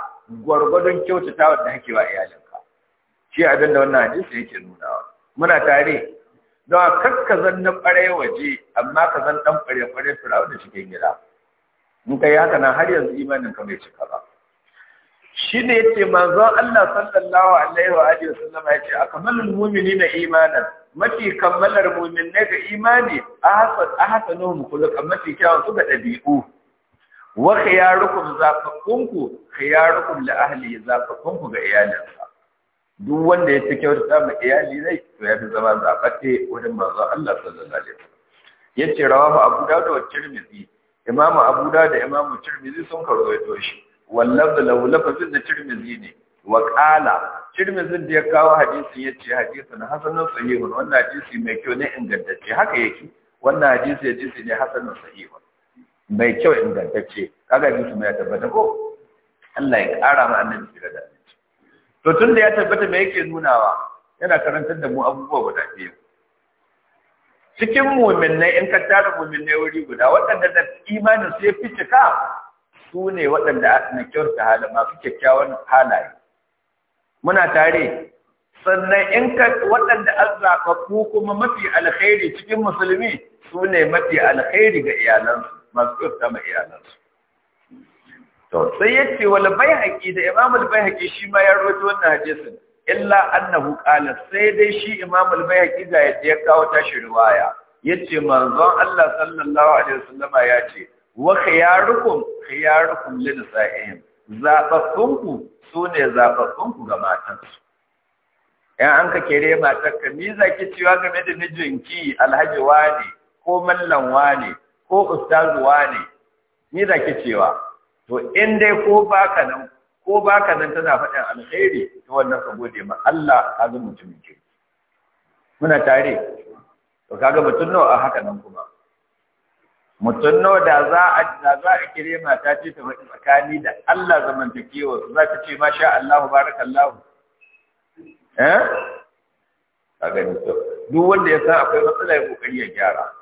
gwargwadon kyautata da ake wa iyalinka shi abin da wannan hadisi yake nunawa muna tare don a kakka zan na ɓare waje amma ka zan ɗan ɓare-ɓare da cikin gida in ka yi haka nan har yanzu imanin ka bai cika ba shi ne ce manzon Allah sallallahu alaihi wa alihi wa sallama ya ce akamalul mu'minina imanan mafi kammalar ne ga imani ahsanuhum khuluqan mafi kyawun su ga ɗabi'u. wa khiyarukum zafaffunku khiyarukum li ahli zafaffunku ga iyalinsa duk wanda ya fi kyautata ma iyali zai to ya fi zama zafatte wurin manzo Allah sallallahu alaihi wasallam yace rawahu Abu Dawud wa Tirmidhi Imam Abu Dawud da Imam Tirmidhi sun karwaito shi wallahi law lafazin da Tirmidhi ne wa qala tirmidhi da ya kawo hadisin yace hadisin hasanun sahihun wannan hadisi mai kyau ne ingantacce haka yake wannan hadisi hadisi ne hasanun sahihun mai kyau ingantacce kaga hadisi mai tabbata ko Allah ya kara ma annabi sirra da to tun da ya tabbata me yake nunawa yana karantar da mu abubuwa guda biyu cikin mu'minnai in ka tara mu'minnai wuri guda waɗanda da imanin su ya fi cika su ne waɗanda na kyauta hala masu kyakkyawan halaye muna tare sannan in ka waɗanda an kuma mafi alkhairi cikin musulmi su ne mafi alkhairi ga iyalansu masu kyauta ma iyalansu to sai ya ce bai haƙi da imam al haƙi shi ma ya rubuta wannan hadisin illa annahu qala sai dai shi imam al haƙi ga ya kawo tashi riwaya yace manzon Allah sallallahu alaihi wasallama ya ce wa khiyarukum khiyarukum lin sa'ihim zaɓaɓɓunku su ne zaɓaɓɓunku ga matansu Yan an ka kere matarka ni za ki cewa game da mijinki alhaji ne ko mallan ne ko ustazu ne Ni za ki cewa to in dai ko baka nan ko baka nan tana faɗin alheri to wannan ka gode ma Allah ka ga mutumin ki muna tare to kaga mutum nawa a haka nan kuma mutum nawa da za a da za a kire mata ce ta faɗi tsakani da Allah zamantakewa su za ta ce masha Allah barakallahu eh a gani to duk wanda ya san akwai matsala ya kokari ya gyara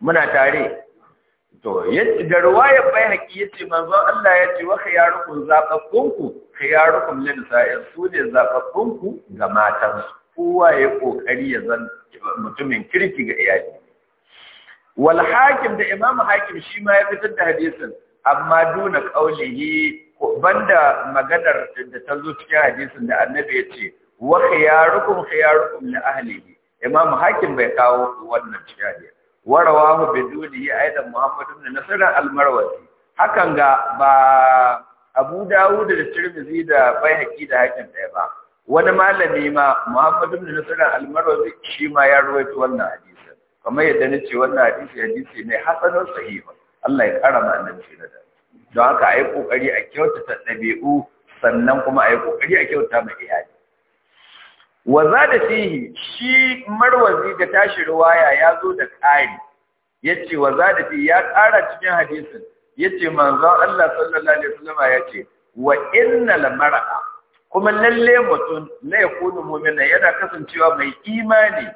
muna tare to yace da bai baihaqi yace manzo Allah yace wa khiyarukum zaqakunku khiyarukum lil sa'ir su ne zaqakunku ga matan kowa ya kokari ya zan mutumin kirki ga iyali wal hakim da imam hakim shi ma ya fitar da hadisin amma duna qaulihi banda maganar da ta zo cikin hadisin da annabi ya ce wa khiyarukum khiyarukum li ahlihi imam hakim bai kawo wannan cikin wa rawahu bidunihi aidan muhammad ibn nasr al-marwazi hakan ga ba abu dawud da tirmidhi da baihaqi da hakim ɗaya ba wani malami ma muhammad ibn nasr al-marwazi shi ma ya ruwaito wannan hadisi kamar yadda na ce wannan hadisi hadisi ne hasanun sahiha Allah ya kara ma annabi shi da don haka ayi kokari a kyautata dabi'u sannan kuma ayi kokari a kyautata mai iyali wa zada fihi shi marwazi da tashi riwaya ya zo da ƙari yace wa zada fihi ya kara cikin hadisin yace manzon Allah sallallahu alaihi wasallam yace wa innal mar'a kuma lalle mutum la yakunu mu'mina yana kasancewa mai imani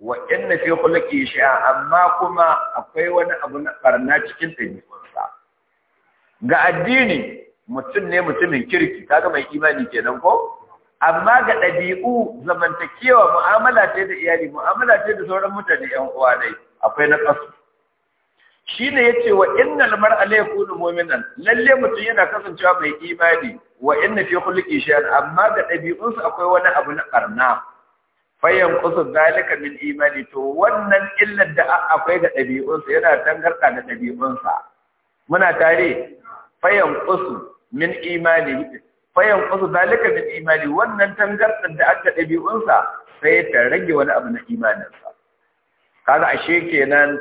wa inna fi khulqi shay'a amma kuma akwai wani abu na barna cikin dabi'unsa ga addini mutum ne mutumin kirki kaga mai imani kenan ko amma ga dabi'u zamantakewa mu'amala ce da iyali mu'amala ce da sauran mutane yan uwa dai akwai na kasu shine yace wa innal mar'a la yakunu mu'minan lalle mutum yana kasancewa mai imani wa inna fi khulqi shay'an amma ga dabi'unsa akwai wani abu na barna fayyan kusur zalika min imani to wannan illar da akwai ga ɗabi'unsa yana tangarɗa da ɗabi'unsa muna tare fayyan kusur min imani fayyan kusur zalika min imani wannan tangarɗar da aka ɗabi'unsa sai ta rage wani abu na imaninsa kaga ashe kenan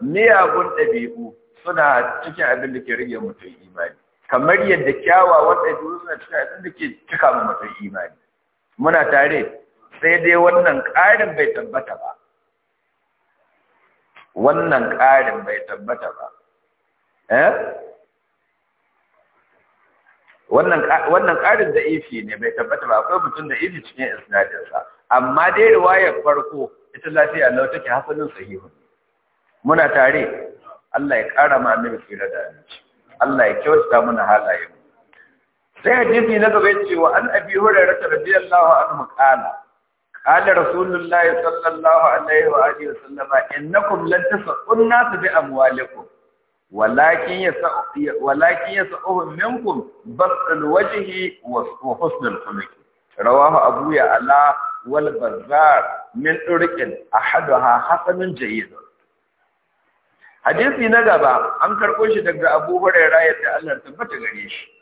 miyagun ɗabi'u suna cikin abin da ke rage mutum imani kamar yadda kyawawan ɗabi'u suna cikin abin da ke cika mutum imani muna tare sai dai wannan ƙarin bai tabbata ba wannan ƙarin bai tabbata ba eh? wannan ƙarin da ifi ne bai tabbata ba akwai mutum da ifi cikin isnadinsa amma dai riwayar farko ita lafiya na wata ke hasalin sahihu muna tare Allah ya ƙara ma mil fira da aminci Allah ya muna mana halayen sai hadisi na gaba ya ce wa an abi tarbiyyar lawa anhu qala قال رسول الله صلى الله عليه واله وسلم انكم لن تسقوا الناس باموالكم ولكن يسع ولكن يسعهم منكم بسط الوجه وحسن الخلق رواه ابو يعلى والبزار من طرق احدها حسن جيد حديثي نغبا ان أنكر قوشي دقر أبو هريرة يتألر تبت غريش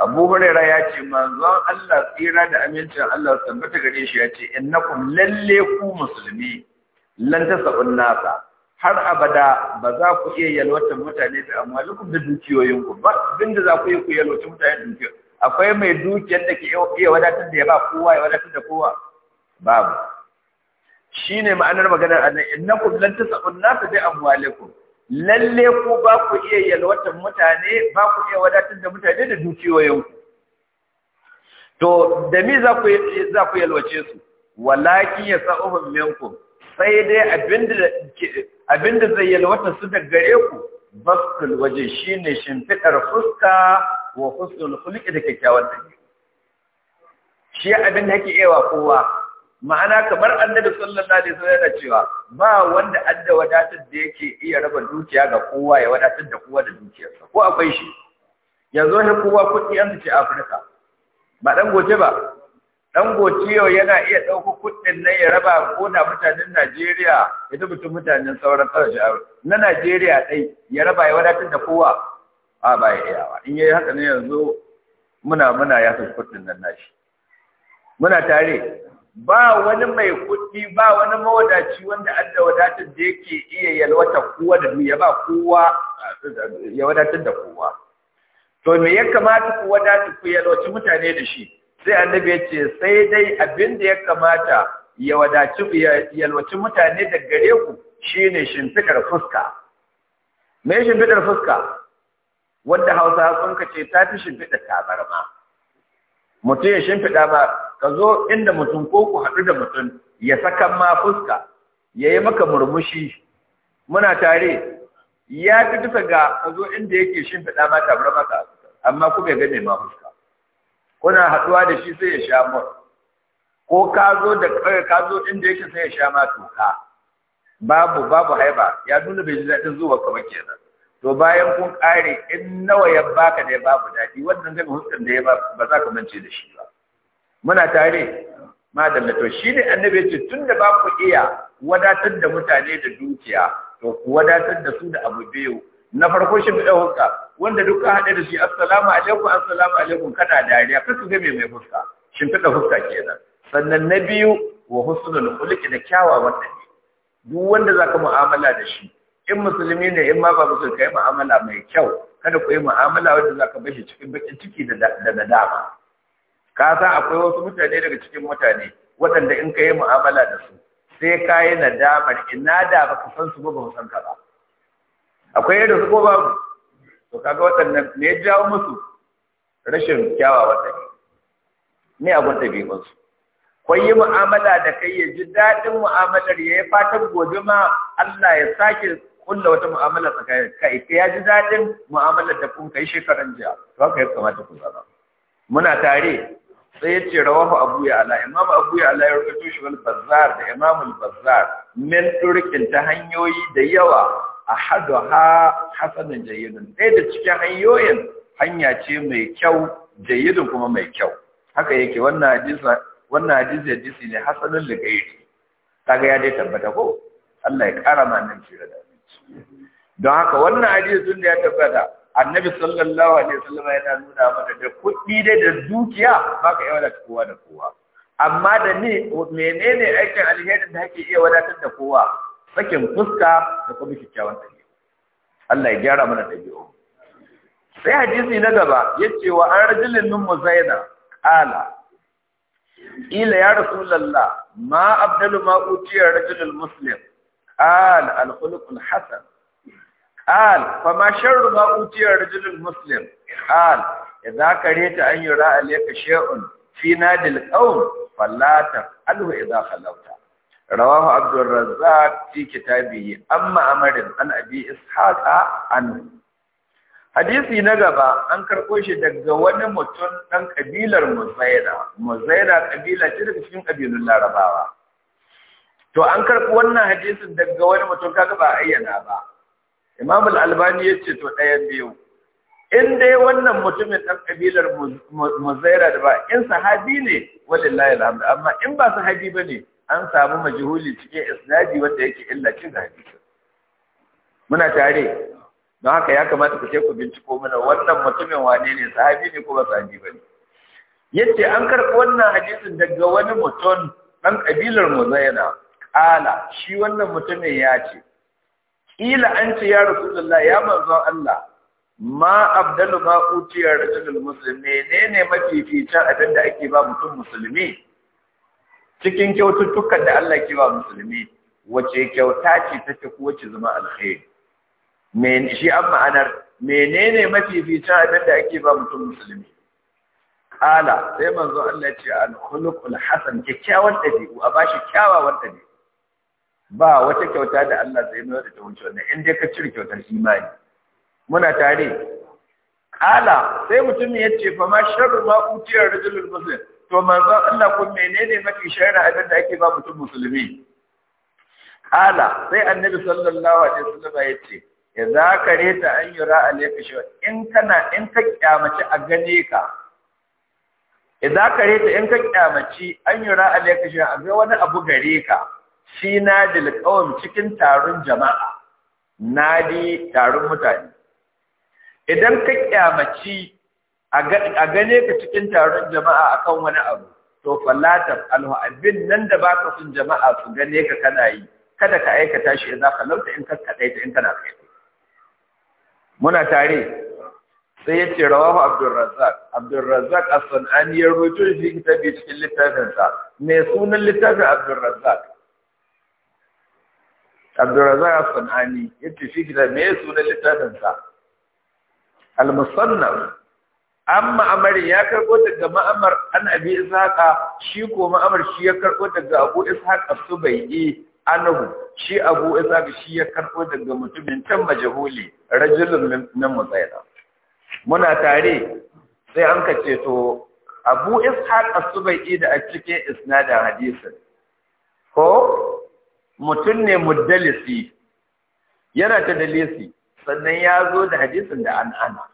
abu huraira ya ce manzon Allah tsira da amincin Allah tabbata gare shi ya ce innakum lalle ku musulmi lan tasabun nasa har abada ba za ku iya yalwata mutane da amwalukum da dukiyoyinku ba da za ku iya ku yalwata mutane da dukiyoyi akwai mai dukiyar da ke iya wadatar da ya ba kowa ya wadatar da kowa babu shine ma'anar maganar annabi innakum lan tasabun nasa bi amwalikum lalle ku ba ku iya yalwatan mutane ba ku iya wadatar da mutane da dukiyoyinku to da mi za ku za ku yalwace su walakin ya sa'uhum minkum sai dai abinda abinda zai yalwata su da gare ku baskul waje shine shimfidar fuska wa husnul khuluqi da kyakkyawan dangi shi abinda yake ewa kowa ma'ana kamar annabi sallallahu alaihi wasallam yana cewa ba wanda adda wadatar da yake iya raba dukiya ga kowa ya wadatar da kowa da dukiyarsa ko akwai shi yanzu ne kowa kuɗi an ce Afirka ba dan goce ba dan goce yana iya dauko kuɗin nan ya raba ko da mutanen Najeriya ya tun mutanen sauran ƙasashe na Najeriya dai ya raba ya wadatar da kowa a ba ya iyawa in yayi haka ne yanzu muna muna ya kuɗin nan nashi muna tare ba wani mai kuɗi ba wani mawadaci wanda an da wadatar da yake iya yalwata kowa da duniya ba kowa eh, ya wadatar da kowa to me ya kamata ku wadatar ku yalwaci mutane da shi sai annabi ya ce sai dai abin da ya kamata ya wadaci yalwaci mutane da gare ku shine shimfidar fuska me shimfidar fuska wanda Hausa sun kace ta fi shimfidar tabarma mutum ya shimfiɗa ma ka zo inda mutum ko ku haɗu da mutum ya sakan ma fuska ya yi maka murmushi muna tare ya fi bisa ga ka zo inda yake shimfiɗa ma tabar maka amma kuma ya gane ma fuska kuna haɗuwa da shi sai ya sha mur ko ka zo da eh, ka zo inda yake sai ya sha ma toka babu babu haiba ya nuna bai ji daɗin zuwa kamar kenan to bayan kun kare in nawa ya baka da ya babu dadi, wannan zai huskan da ya ba ba za ka mance da shi ba muna tare da to shine annabi ya ce tunda ba ku iya wadatar da mutane da dukiya to ku wadatar da su da abu biyu na farko shi da hukka wanda duk ka hada da shi assalamu alaikum assalamu alaikum kana dariya kasu ga mai mai hukka shin ta hukka kenan sannan na biyu wa husnul khuluq da kyawawan dabi'a duk wanda zaka mu'amala da shi in musulmi ne in ma ba musulmi kai mu'amala mai kyau kada ku yi mu'amala wanda zaka bar shi cikin bakin ciki da da nadama ka san akwai wasu mutane daga cikin mutane waɗanda in ka yi mu'amala da su sai ka yi nadamar ina da baka san su ba ba san ka ba akwai yadda su ko babu to kaga waɗannan me ya jawo musu rashin kyawawan ɗabi'a ne abin ɗabi'unsu kun yi mu'amala da kai ya ji daɗin mu'amalar ya yi fatan gobe ma Allah ya sake kulla wata mu'amala tsakanin kai ka ya ji daɗin mu'amalar da kun kai shekaran jiya to haka ya kamata ku zama muna tare sai ya ce rawahu abu ya ala imam abu ya ala ya rubuto shi wal bazzar da imam al bazzar min turkin ta hanyoyi da yawa ahaduha hasanan jayyidan sai da cikin hanyoyin hanya ce mai kyau jayyidun kuma mai kyau haka yake wannan hadisi wannan hadisi hadisi ne hasanun ligairi kaga ya dai tabbata ko Allah ya kara ma nan cire da don haka wannan tun da ya tabbata annabi sallallahu alaihi wasallam yana nuna mana da kuɗi da da dukiya baka iya wadatar kowa da kowa amma da ne menene aikin alherin da kake iya wadatar da kowa sakin fuska da kuma kyakkyawan ɗabi'u Allah ya gyara mana ɗabi'u sai hadisi na gaba yace wa an rajulin min muzaina ƙala. ila ya rasu lalla. ma abdalu ma utiya rajulul muslim قال الخلق الحسن قال فما شر ما أوتي رجل مسلم قال إذا كرهت أن يرى عليك شيء في نادي القوم فلا تفعله إذا خلوت رواه عبد الرزاق في كتابه أما أمر عن أبي إسحاق عنه hadisi na gaba an karɓo shi daga wani mutum ɗan ƙabilar muzaina muzaina ƙabila ce daga cikin ƙabilun larabawa to an karɓi wannan hadisin daga wani mutum kaga ba ayyana ba imam al-albani yace to ɗayan biyu in dai wannan mutumin ɗan kabilar muzaira da ba in sahabi ne wallahi alhamdu amma in ba sahabi bane an samu majhuli cikin isnadi wanda yake illa cin hadisi muna tare don haka ya kamata ku je ku binciko mana wannan mutumin wane ne sahabi ne ko ba sahabi bane yace an karɓi wannan hadisin daga wani mutum ɗan kabilar muzaira ƙala shi wannan mutumin ya ce ƙila an ce ya rasulullah ya manzo Allah ma abdalu ma utiya rajulul muslim menene mafificin abin da ake ba mutum musulmi cikin kyaututtukan da Allah ke ba musulmi wace kyauta ce ce ko wace zama alkhairi men shi an ma'anar menene mafificin abin da ake ba mutum musulmi kala sai manzo Allah ce al khuluqul hasan kyakkyawan dabi'u a bashi kyawawan dabi'u ba wata kyauta da Allah zai mai da ta wannan in dai ka cire kyautar imani muna tare kala sai mutum ya ce fa ma sharru ma utiyar rajulul muslim to manzo Allah kun menene mafi sharri abin da ake ba mutum musulmi kala sai annabi sallallahu alaihi wasallam ya ce ya idza kareta an yura alayka shaw in kana in ka kyamaci a gane ka idza kareta in ka kyamaci an yura alayka shi a ga wani abu gare ka Shi na qawm cikin taron jama'a na nadi taron mutane idan ka kyamaci a gane ka cikin taron jama'a akan wani abu to falata alhu nan da baka sun jama'a su gane ka kana yi kada ka aikata shi za ka lauta in ka kadai in kana kai muna tare sai ya ce rawahu abdurrazzaq abdurrazzaq as-sanani ya rubuto shi kitabi cikin littafinsa mai sunan littafin abdurrazzaq Abdulrazak As-Sanani yace shi gida me sunan littafin sa Al-Musannaf amma amari ya karbo daga ma'amar an abi shi ko ma'amar shi ya karbo daga abu ishaq as-subai'i shi abu ishaq shi ya karbo daga mutumin tan majhuli rajulun min mutayna muna tare sai an ka to abu ishaq as da a cikin isnadin hadisin ko mutum ne muddalisi yana ta dalisi sannan ya zo da hadisin da an ana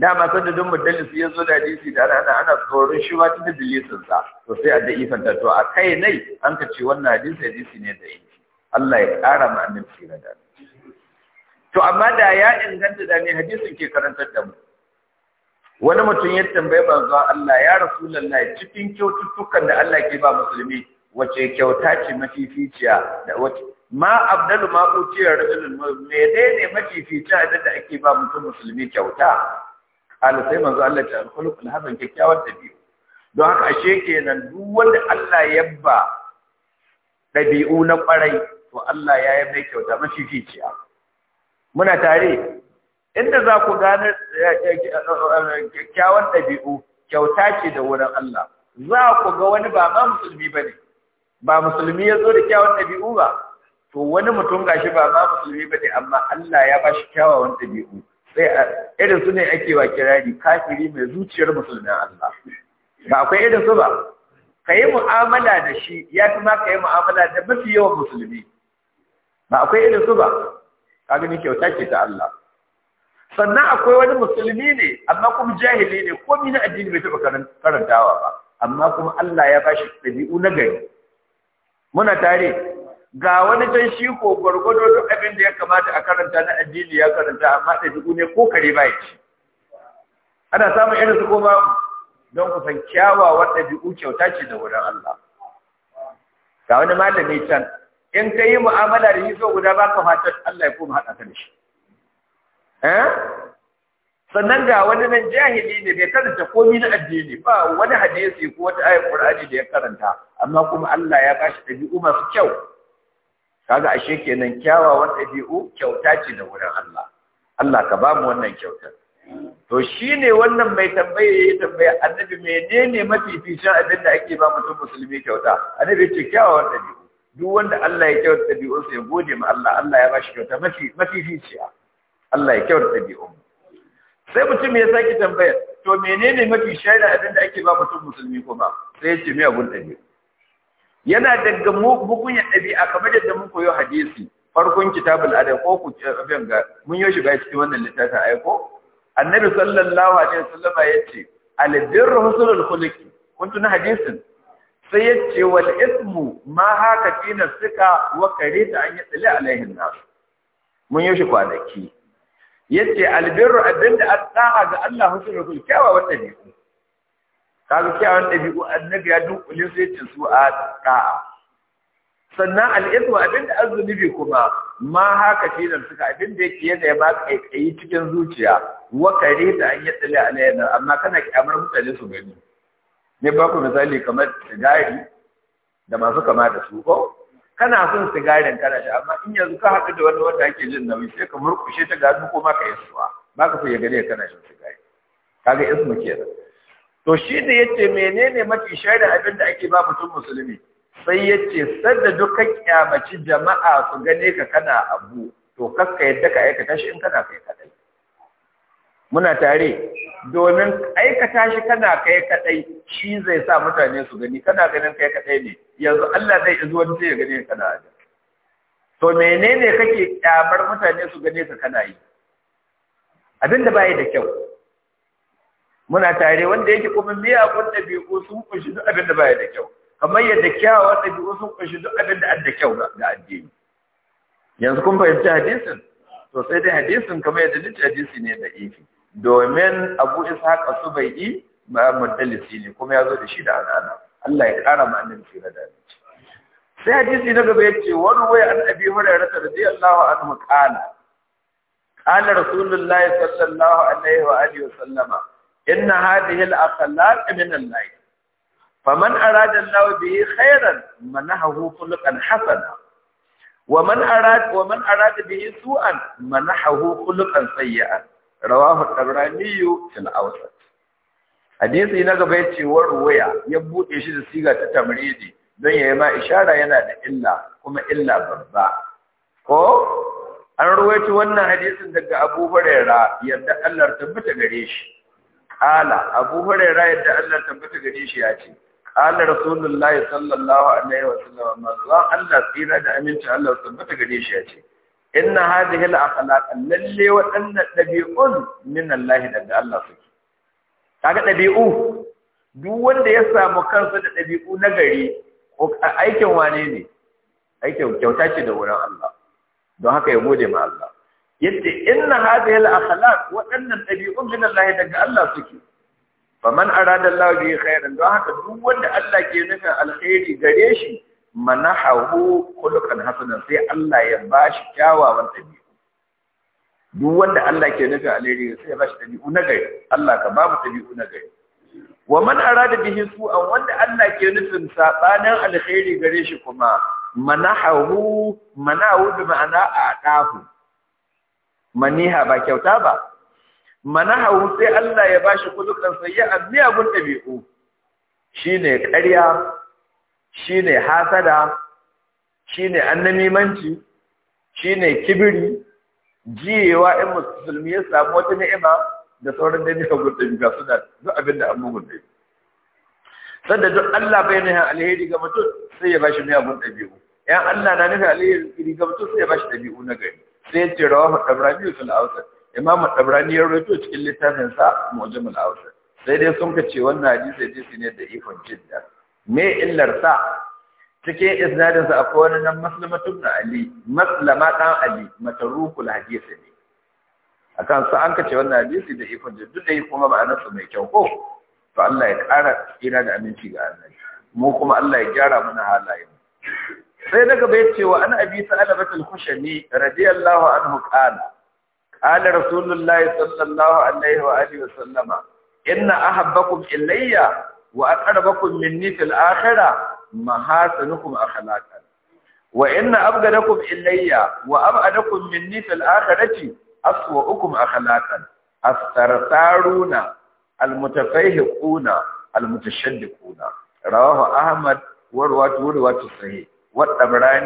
dama sanda duk muddalisi ya zo da hadisi da an ana ana tsoron shi ba tun da dalisinsa to sai a da ta to a kai nai an ka ce wannan hadisi hadisi ne da yake Allah ya ƙara ma annabi tsira da to amma da ya inganta da ne hadisin ke karantar da mu wani mutum ya tambaye banzo Allah ya rasulullahi cikin kyaututtukan da Allah ke ba musulmi wace kyauta ce mafificiya da wace ma abdalu ma kuciya rajulun menene mafificiya da da ake ba mutum musulmi kyauta qala sai manzo Allah ta alkhuluqul hasan kyakkyawar dabi'u don haka ashe kenan duk wanda Allah ya ba dabi'u na kwarai to Allah ya yi mai kyauta mafificiya muna tare inda za ku gane eh, eh, eh, kyakkyawar dabi'u kyauta ce da wurin Allah za ku ga wani ba ma musulmi bane ba musulmi ya zo da kyawun ɗabi'u ba to wani mutum gashi ba ma musulmi ba ne amma Allah ya ba shi kyawawan ɗabi'u sai irin su ne ake wa kirari kafiri mai zuciyar musulmin Allah ba akwai irin su ba ka yi mu'amala da shi ya fi ma ka yi mu'amala da mafi yawan musulmi ba akwai irin su ba ka gani kyauta ce ta Allah sannan akwai wani musulmi ne amma kuma jahili ne komi na addini bai taɓa karantawa ba amma kuma Allah ya ba shi ɗabi'u na gari muna tare ga wani can shi ko gwargwado duk abin da ya kamata a karanta na addini ya karanta amma da duk ne ko kare bai ci ana samun irin su ko babu don ku san kyawa wadda bi'u kyauta ce da wurin Allah ga wani malami can in kai mu'amala da shi so guda baka fatan Allah ya koma haɗa ka da shi eh sannan ga wani nan jahili ne bai karanta komai na addini ba wani hadisi ko wata ayar Qur'ani da ya karanta amma kuma Allah ya bashi dabi'u masu kyau kaga ashe kenan kyawawan ɗabi'u kyauta ce da wurin Allah Allah ka ba mu wannan kyauta to shine wannan mai tambaye ya tambaya annabi menene mafificin abin da ake ba mutum musulmi kyauta annabi ce kyawawan ɗabi'u duk wanda Allah ya kyauta dabi'u ya gode ma Allah Allah ya bashi kyauta mafi mafificiya Allah ya kyauta dabi'u sai mutum ya sake tambayar to menene mafi shaida abin da ake ba mutum musulmi kuma sai ya ce mai abun ne yana daga mugunyar a kamar yadda mun koyo hadisi farkon kitabul adab ko ku abin ga mun yi shiga cikin wannan littafin aiko annabi sallallahu alaihi wasallam ya ce birru husnul khuluq kun tuna hadisin sai ya ce wal ismu ma haka tina suka wa karita an yi tsali alaihin nas mun yo shi kwanaki yace albirru abinda adda'a ga Allah husnul khulq kyawa wata ne kaga kyawun dabi'u annabi ya duk sai yace su a da'a sannan al'izmu abinda azzunubi kuma ma haka shi suka abinda yake yana ya ba kai cikin zuciya wa kare da an yi tsale alayna amma kana kyamar mutane su gani ne ba ku misali kamar gari da masu kama da su ko kana son sigarin kana sha amma in yanzu ka haɗu da wani wanda ake jin nauyi sai ka murkushe ta gado ko ma ka yi suwa ba ka fiye gane kana shan sigari kaga ismu kenan to shi da yace menene mafi shaida abin da ake ba mutum musulmi sai yace sadda duka kyamaci jama'a su gane ka kana abu to kaska yadda ka aikata shi in kana kai kada muna tare domin aikata shi kana kai kadai shi zai sa mutane su gani kana ganin kai kadai ne yanzu Allah zai izo wani sai ya ka kana da to menene kake kyamar mutane su gane ka kana yi abinda bai da kyau muna tare wanda yake kuma bi ko sun kushi duk abinda bai da kyau kamar yadda bi ko sun kushi duk abinda an da kyau ga addini yanzu kun fahimci hadisin to sai dai hadisin kamar yadda duk hadisi ne da ifi domin abu bai yi, ba mudallisi ne kuma ya zo da shi da anana Allah ya kara ma annabi na da sai hadisi na gaba yace wani waya an abi hurairah radiyallahu anhu qala qala rasulullahi sallallahu alaihi wa alihi wa sallama inna hadhihi al-akhlaq min Allah faman arada Allah bihi khairan manahu khuluqan hasana ومن أراد ومن أراد به سوءا منحه خلقا سيئا rawahu tabraniyu fil awsat hadisi na gaba yace war ruwaya ya bude shi da siga ta tamridi don yayi ma ishara yana da illa kuma illa babba ko an ruwaito wannan hadisin daga Abu Hurairah yadda Allah tabbata gare shi kala Abu Hurairah yadda Allah tabbata gare shi ya ce qala Rasulullahi sallallahu alaihi wasallam manzo Allah tsira da aminci Allah tabbata gare shi ya ce inna hadhihi al-akhlaq lalle waɗannan ɗabi'un min Allah daga Allah suke kaga ɗabi'u duk wanda ya samu kansa da ɗabi'u na gari aikin wane ne aikin kyauta ce da wurin Allah don haka ya gode ma Allah Yadda inna hadhihi al-akhlaq waɗannan ɗabi'un min Allah daga Allah suke faman arada Allah bi khairan don haka duk wanda Allah ke nufin alkhairi gare shi manahahu kullukan hasanan sai Allah ya bashi kyawawan dabi'u duk wanda Allah ke nufi alheri sai ya bashi dabi'u na gari Allah ka ba mu dabi'u na gari wa man arada bihi su'an wanda Allah ke nufin sabanin alheri gare shi kuma manahahu manahu bi ma'ana adahu maniha ba kyauta ba manahahu sai Allah ya bashi kulukan sayyi'a miyagun dabi'u shine ƙarya shine hasada shine annamimanci shine kibiri jiyewa in musulmi ya samu wata ni'ima da sauran da nika gudun ga suna da duk abin da amma gudu sanda duk Allah bai nuna alheri ga mutum sai ya bashi abun dabi'u yan Allah na nuna alheri ga mutum sai ya bashi dabi'u na gari sai ya ce rawahu tabrani fil awsat imam tabrani ya rawaito cikin littafin sa mu'jamul awsat sai dai sun kace wannan hadisi hadisi ne da ifon jidda me illar sa cikin isnadin sa akwai wani nan maslama tubna ali maslama dan ali matarukul hadisi ne akan sa an kace wannan hadisi da ifan da duk dai kuma ba su mai kyau ko to Allah ya ƙara tsira da aminci ga annabi mu kuma Allah ya gyara mana halayen sai daga bai wa an abi sa'alabat al-khushani radiyallahu anhu qala qala rasulullahi sallallahu alaihi wa alihi wa sallama inna ahabbakum ilayya wa aqrabakum minni fil akhirah mahasanukum wa inna abgadakum ilayya wa abadakum minni fil akhirati aswa'ukum akhlaqan as-sartaruna al-mutafahiquna al-mutashaddiquna rawahu ahmad wa rawatu rawatu sahih wa wa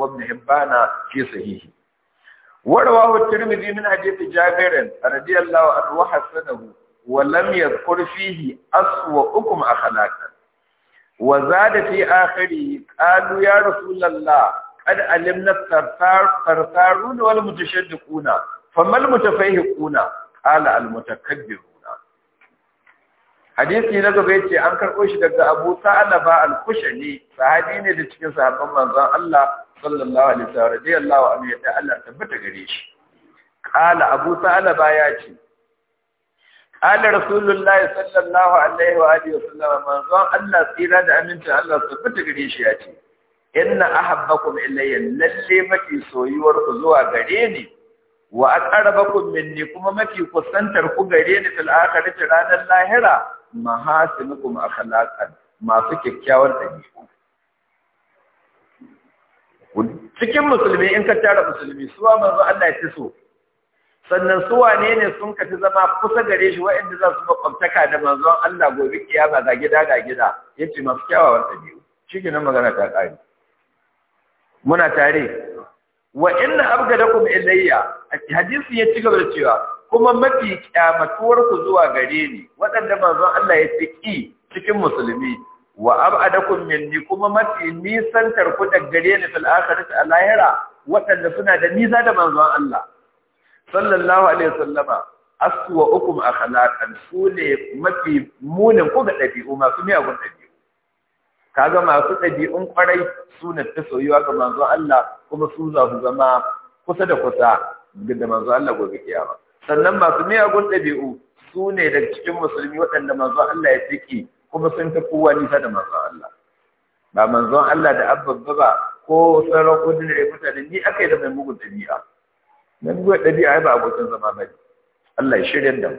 ibn hibbana sahihi wa rawahu at-tirmidhi min hadith jabir radiyallahu anhu wa hasanahu wa lam yadhkur fihi aswa'ukum akhlaqan wa zada fi akhiri qalu ya rasulullah qad alimna tartar tartarun wal mutashaddiquna famal mutafayhiquna qala al mutakabbiruna hadisi na gaba yace an karɓo shi daga Abu Sa'laba al-Kushani sahabi ne da cikin sahabban manzon Allah sallallahu alaihi wasallam radiyallahu gare shi Ƙala Abu Sa'laba ya ce ala rasulullah sallallahu alaihi wa alihi wasallam manzon Allah tsira da aminta Allah su fita gare shi ya ce inna ahabbakum ilayya lalle mafi soyuwar ku zuwa gare ni wa aqrabakum minni kuma mafi kusantar ku gare ni fil akhirati ranar lahira mahasinukum akhlaqan masu kyakkyawar dabi'u cikin musulmi in ka tara musulmi suwa manzo Allah ya fi so sannan su wane ne sun kafi zama kusa gare shi waɗanda za su makwabtaka da manzon Allah gobe kiyama ga gida ga gida ce masu kyawawan ɗabi'u shikenan magana ta ƙari muna tare wa inna abgadakum ilayya hadisi ya ci gaba da cewa kuma mafi kyamatuwar ku zuwa gare ni waɗanda manzon Allah ya ce cikin musulmi wa abadakum minni kuma mafi nisantar ku da gare ni fil akhirati a lahira waɗanda suna da nisa da manzon Allah sallallahu alaihi wasallama aswa ukum akhlaqan su ne mafi munin ku ga dabi'u masu miyagun dabi'u kaga masu dabi'un kwarai su ne ta soyuwa ga manzo Allah kuma su za su zama kusa da kusa da manzo Allah gobe kiyama sannan masu miyagun dabi'u su ne daga cikin musulmi waɗanda manzo Allah ya tsiki kuma sun ta kowa nisa da manzo Allah ba manzon Allah da abba ba ko sarakudin kudin da mutane ni akai da mai mugun dabi'a na buwa ɗabi'a ba abokin zama ba Allah ya shirya da mu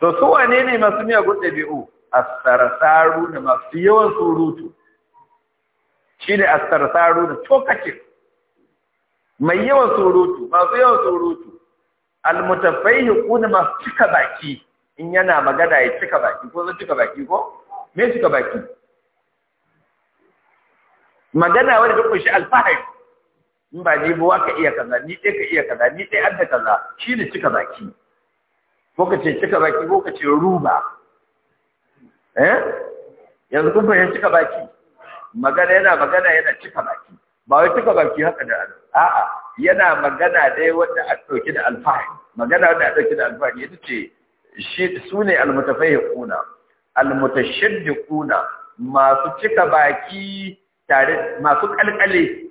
to su wane ne masu miyagun ɗabi'u sarasaru da masu yawan surutu Shi a sarasaru da cokacin. mai yawan surutu masu yawan surutu almutafaihiqun masu cika baki in yana magana ya cika baki ko zan cika baki ko me cika baki magana wani ta kunshi alfahari in ba ni buwa ka iya kaza ni dai ka iya kaza ni dai adda kaza Shi ne cika baki ko ka ce cika baki ko ka ce ruba eh yanzu kun fahimci cika baki magana yana magana yana cika baki ba wai cika baki haka da a'a yana magana dai wanda a dauki da alfahari magana wanda a dauki da alfahari ita ce shi sune almutafayyiquna almutashaddiquna masu cika baki tare masu kalkale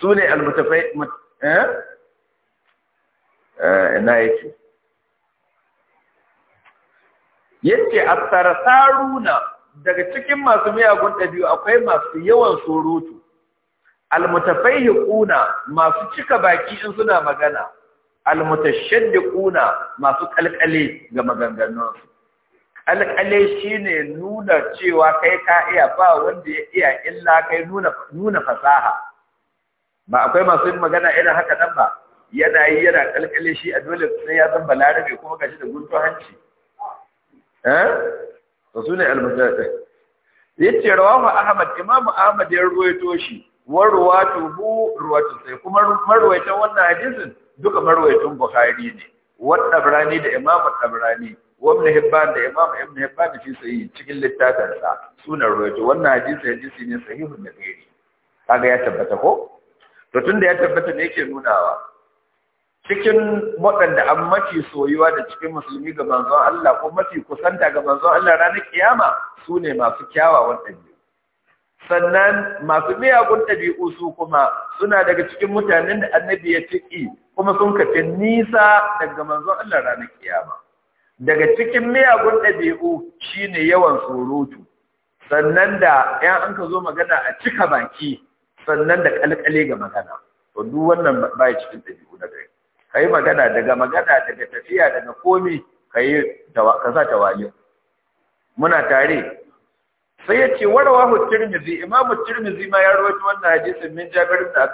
su ne almutafai eh? Eh, ina yake daga cikin masu miyagun dabi'u akwai masu yawan surutu almutafai mutafayyiquna masu cika baki in suna magana al-mutashaddiquna masu kalkale ga maganganunsu kalkale shine nuna cewa kai ka iya ba wanda ya iya illa kai nuna fasaha ba akwai masu yin magana irin haka nan ba yana yi yana kalkale shi a dole sai ya san balarabe kuma gashi da guntun hanci eh to sune al-musaddaq yace rawahu ahmad imamu ahmad ya ruwaito shi wa ruwatuhu ruwatu sai kuma marwaitan wannan hadisin duka marwaitun bukhari ne wa tabrani da imamu tabrani wa ibn hibban da imamu ibn hibban shi sai cikin littafin sa sunan ruwaito wannan hadisi hadisi ne sahihun da gari kaga ya tabbata ko to da ya tabbata ne yake nunawa cikin waɗanda an mafi soyuwa da cikin musulmi ga manzon Allah ko mafi kusanta ga manzon Allah ranar kiyama su ne masu kyawawan ɗabi'u. Sannan masu miyagun ɗabi'u su kuma suna daga cikin mutanen da annabi ya ciki kuma sun kafe nisa daga manzon Allah ranar kiyama. Daga cikin miyagun ɗabi'u shine yawan surutu. Sannan da ‘yan an ka zo magana a cika baki sannan da kalkale ga magana to duk wannan ya cikin dabi'u na gari kai magana daga magana daga tafiya daga komi kai ka sa tawali muna tare sai ya ce warawahu tirmizi imamu tirmizi ma ya rawaito wannan hadisin min jabir da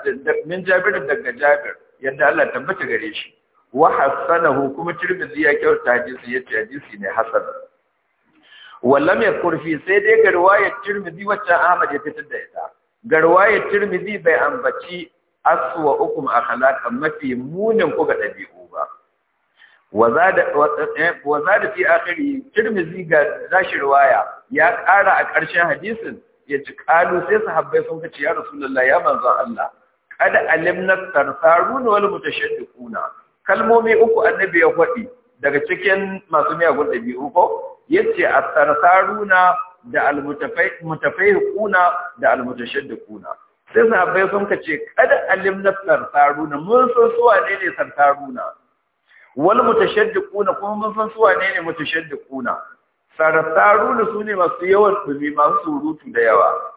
min jabir daga jabir yadda Allah tabbata gare shi wa hasanahu kuma tirmizi ya kyauta hadisin yace hadisi ne hasan wallam ya kurfi sai dai ga riwayar tirmizi wacce Ahmad ya fitar da ita garwayar tirmizi bai ambaci aswa ukum akhlaqan mafi munin ku ga dabi'u ba eh, wa zada fi akhiri tirmidhi ga zashi riwaya ya ƙara a ƙarshen hadisin ya ci kalu sai sahabbai sun kace ya rasulullah ya manzan Allah kad alimna tarsarun wal mutashaddiquna kalmomi uku annabi ya faɗi daga cikin masu miyagun ɗabi'u ko yace at-tarsaruna da kuna da kuna. sai sahabbai sun ce kada alimna sartaruna mun san su ne ne sartaruna wal kuna kuma mun san su ne ne mutashaddiquna sartaruna sune masu yawan dumi masu surutu da yawa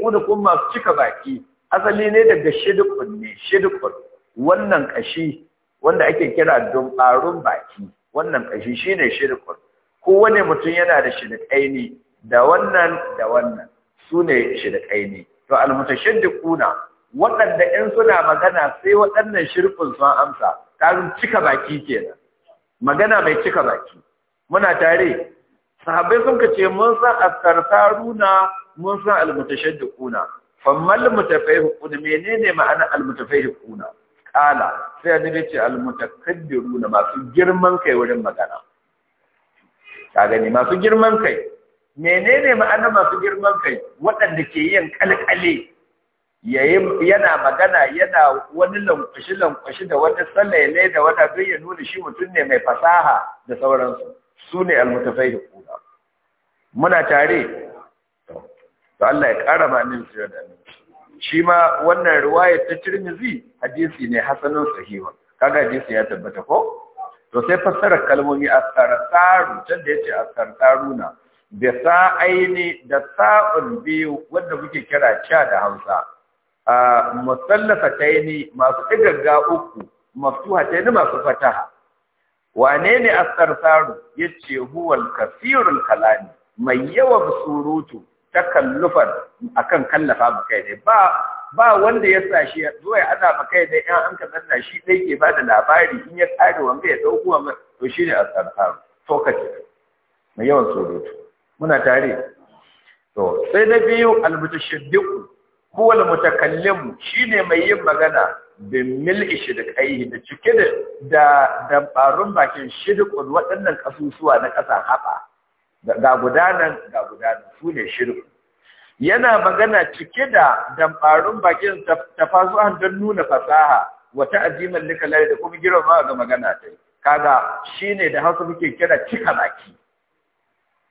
kuna kuma masu cika baki asali ne daga shidukun ne shidukun. wannan kashi wanda ake kira dumbarun baki wannan kashi shine shidukun. kowane mutum yana da da ne da wannan da wannan su ne da ne to kuna waɗanda 'yan suna magana sai waɗannan shirkin sun amsa ta cika baki kenan magana mai cika baki muna tare sahabbai sun ce mun san astarfaruna mun san hukuna mene ne menene ma'ana hukuna? kala sai annabi ce almutakabbiruna masu girman kai wurin magana ka gani masu girman kai menene ma'anar masu girman kai waɗanda ke yin kalkale yana magana yana wani lankwashi lankwashi da wani salaile da wata don ya nuna shi mutum ne mai fasaha da sauransu su ne almutafai da kuna muna tare to Allah ya ƙara ma annabi sirrin da shi ma wannan riwayar ta Tirmidhi hadisi ne hasanun sahiha kaga hadisi ya tabbata ko to sai fassarar kalmomi askartaru can da yace na, da sa'aini da sa'un biyu wanda kuke kira cha da Hausa a ni, masu digagga uku ni masu fataha wane ne ya ce huwal kasirul Kalani? mai yawan surutu ta kallufar akan kallafa mu kai ne ba ba wanda ya sa shi zuwa ya azaba kai da 'yan an ka zanna shi dai ke ba da labari in ya kare wanda ya ɗauko wa to shi ne a tsarkar tokaci mai yawan surutu muna tare to sai na biyu almutashaddiqu huwa shi shine mai yin magana da mil'i shidqaihi da cike da da dabarun bakin shirkun waɗannan kasusuwa na ƙasa haɓa ga gudanan ga gudanan su ne shirku yana magana cike da dambarun bakin tafasuhan don nuna fasaha wata ajiman likalari da kuma girma ga magana ta kaga shine da hausa muke kira cika baki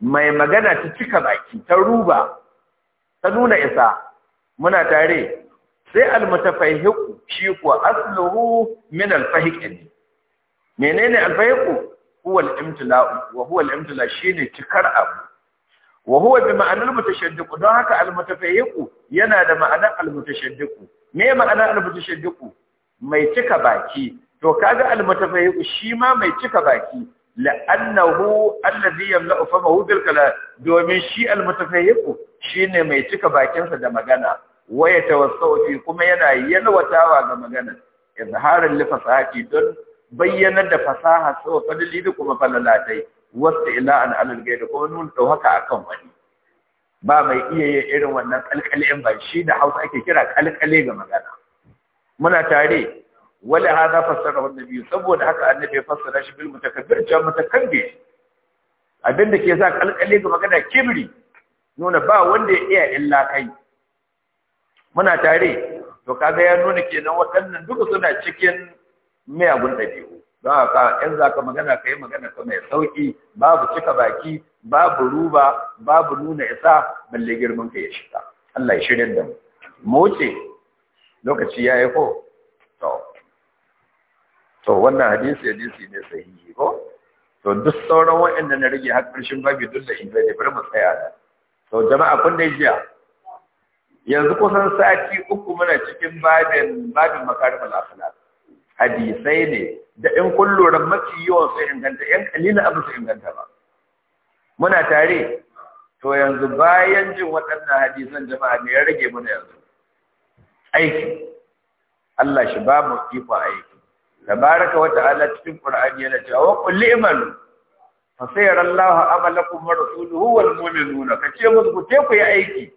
mai magana ta cika baki ta ruba ta nuna isa muna tare sai almutafahiqu shi kuwa asluhu min alfahiqi menene alfahiqu huwa alimtila'u wa huwa alimtila shine cikar abu wa huwa bi ma'anar mutashaddiq don haka almutafayyiqu yana da ma'anar almutashaddiq me ma'anar almutashaddiq mai cika baki to kaga almutafayyiqu shi ma mai cika baki la'annahu allazi yamla'u famahu bil kalam domin shi almutafayyiqu shine mai cika bakinsa da magana waya tawassau fi kuma yana yalwatawa ga magana izharin li don bayyanar da fasaha sau fadli da kuma falalatai wasu ila'an alal gai da kuma nuna ɗauka a kan wani ba mai iya yin irin wannan kalkalin ba shi da hausa ake kira kalkale ga magana muna tare ha za fassara wanda biyu saboda haka annabi ya fassara shi bil mutakabbir ja mutakabbir abin da ke sa kalkale ga magana kibri nuna ba wanda ya iya illa kai muna tare to kaga ya nuna kenan waɗannan duka suna cikin miyagun ɗabi'u Za a ka in za ka magana ka yi magana ka mai sauƙi babu cika baki babu ruba babu nuna isa balle girman ka ya shiga Allah ya shirin da mu mu wuce lokaci ya yi ko to to wannan hadisi hadisi ne sahihi ko to duk sauran waɗanda na rage har ƙarshen babu duk da in zai bar mu tsaya da to jama'a kun da jiya yanzu kusan sati uku muna cikin babin babin makarimul akhlaq hadisai ne da in kulluran lura mafi yawan inganta yan kalila abu su inganta ba muna tare to yanzu bayan jin waɗannan hadisan jama'a ne ya rage muna yanzu aiki Allah shi ba mu aiki tabaraka wa ta'ala cikin qur'ani yana cewa qul li'malu fa sayara Allahu amalakum wa rasuluhu wal mu'minuna kace musu ku te ku yi aiki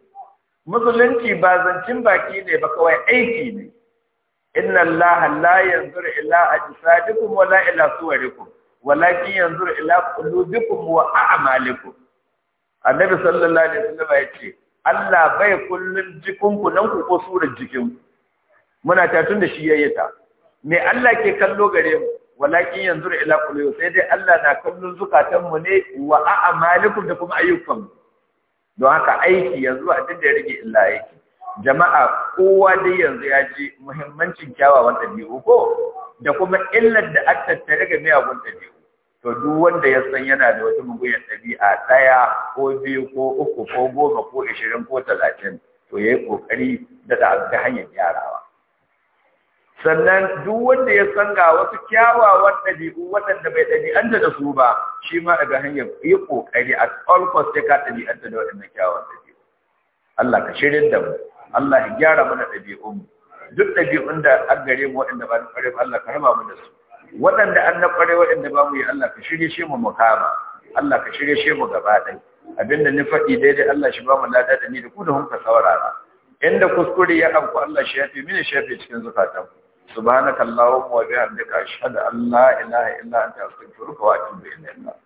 musulunci ba zancin baki ne ba kawai aiki ne inna allaha la yanzuru ila ajsadikum la ila suwarikum walakin yanzuru ila qulubikum wa a'malikum annabi sallallahu alaihi wasallam ce Allah bai kullun ku nan ku ko surar jikinku muna tun da shi yayyata me Allah ke kallo gare mu walakin yanzu ila qulubikum sai dai Allah na kallon zukatan mu ne wa a'malikum da kuma ayyukan don haka aiki yanzu a dinda rage illa aiki jama'a kowa dai yanzu ya ji muhimmancin kyawawan ɗabi'u ko da kuma illar da aka tattare ga miyagun ɗabi'u to duk wanda ya san yana da wata muguyar ɗabi'a ɗaya ko biyu ko uku ko goma ko ashirin ko talatin to ya yi ƙoƙari da ta hanyar gyarawa sannan duk wanda ya san ga wasu kyawawan ɗabi'u waɗanda bai ɗabi'anta da su ba shi ma daga hanyar yi ƙoƙari a all cost ya ka ɗabi'anta da waɗannan kyawawan ɗabi'u Allah ka shirin da mu Allah ya gyara mana ɗabi'un duk ɗabi'un da an gare mu waɗanda ba na ƙware ba Allah ka raba mu da su waɗanda an na ƙware waɗanda ba mu yi Allah ka shirye shi mu mukama kama Allah ka shirye shi mu gaba ɗaya abinda ni faɗi daidai Allah shi ba mu lada da ni da ku da hun ka saurara inda kuskure ya afku Allah shi ya fi mini fi cikin zukatan subhanaka allahumma wa bihamdika ashhadu an la ilaha illa anta astaghfiruka wa atubu ilayk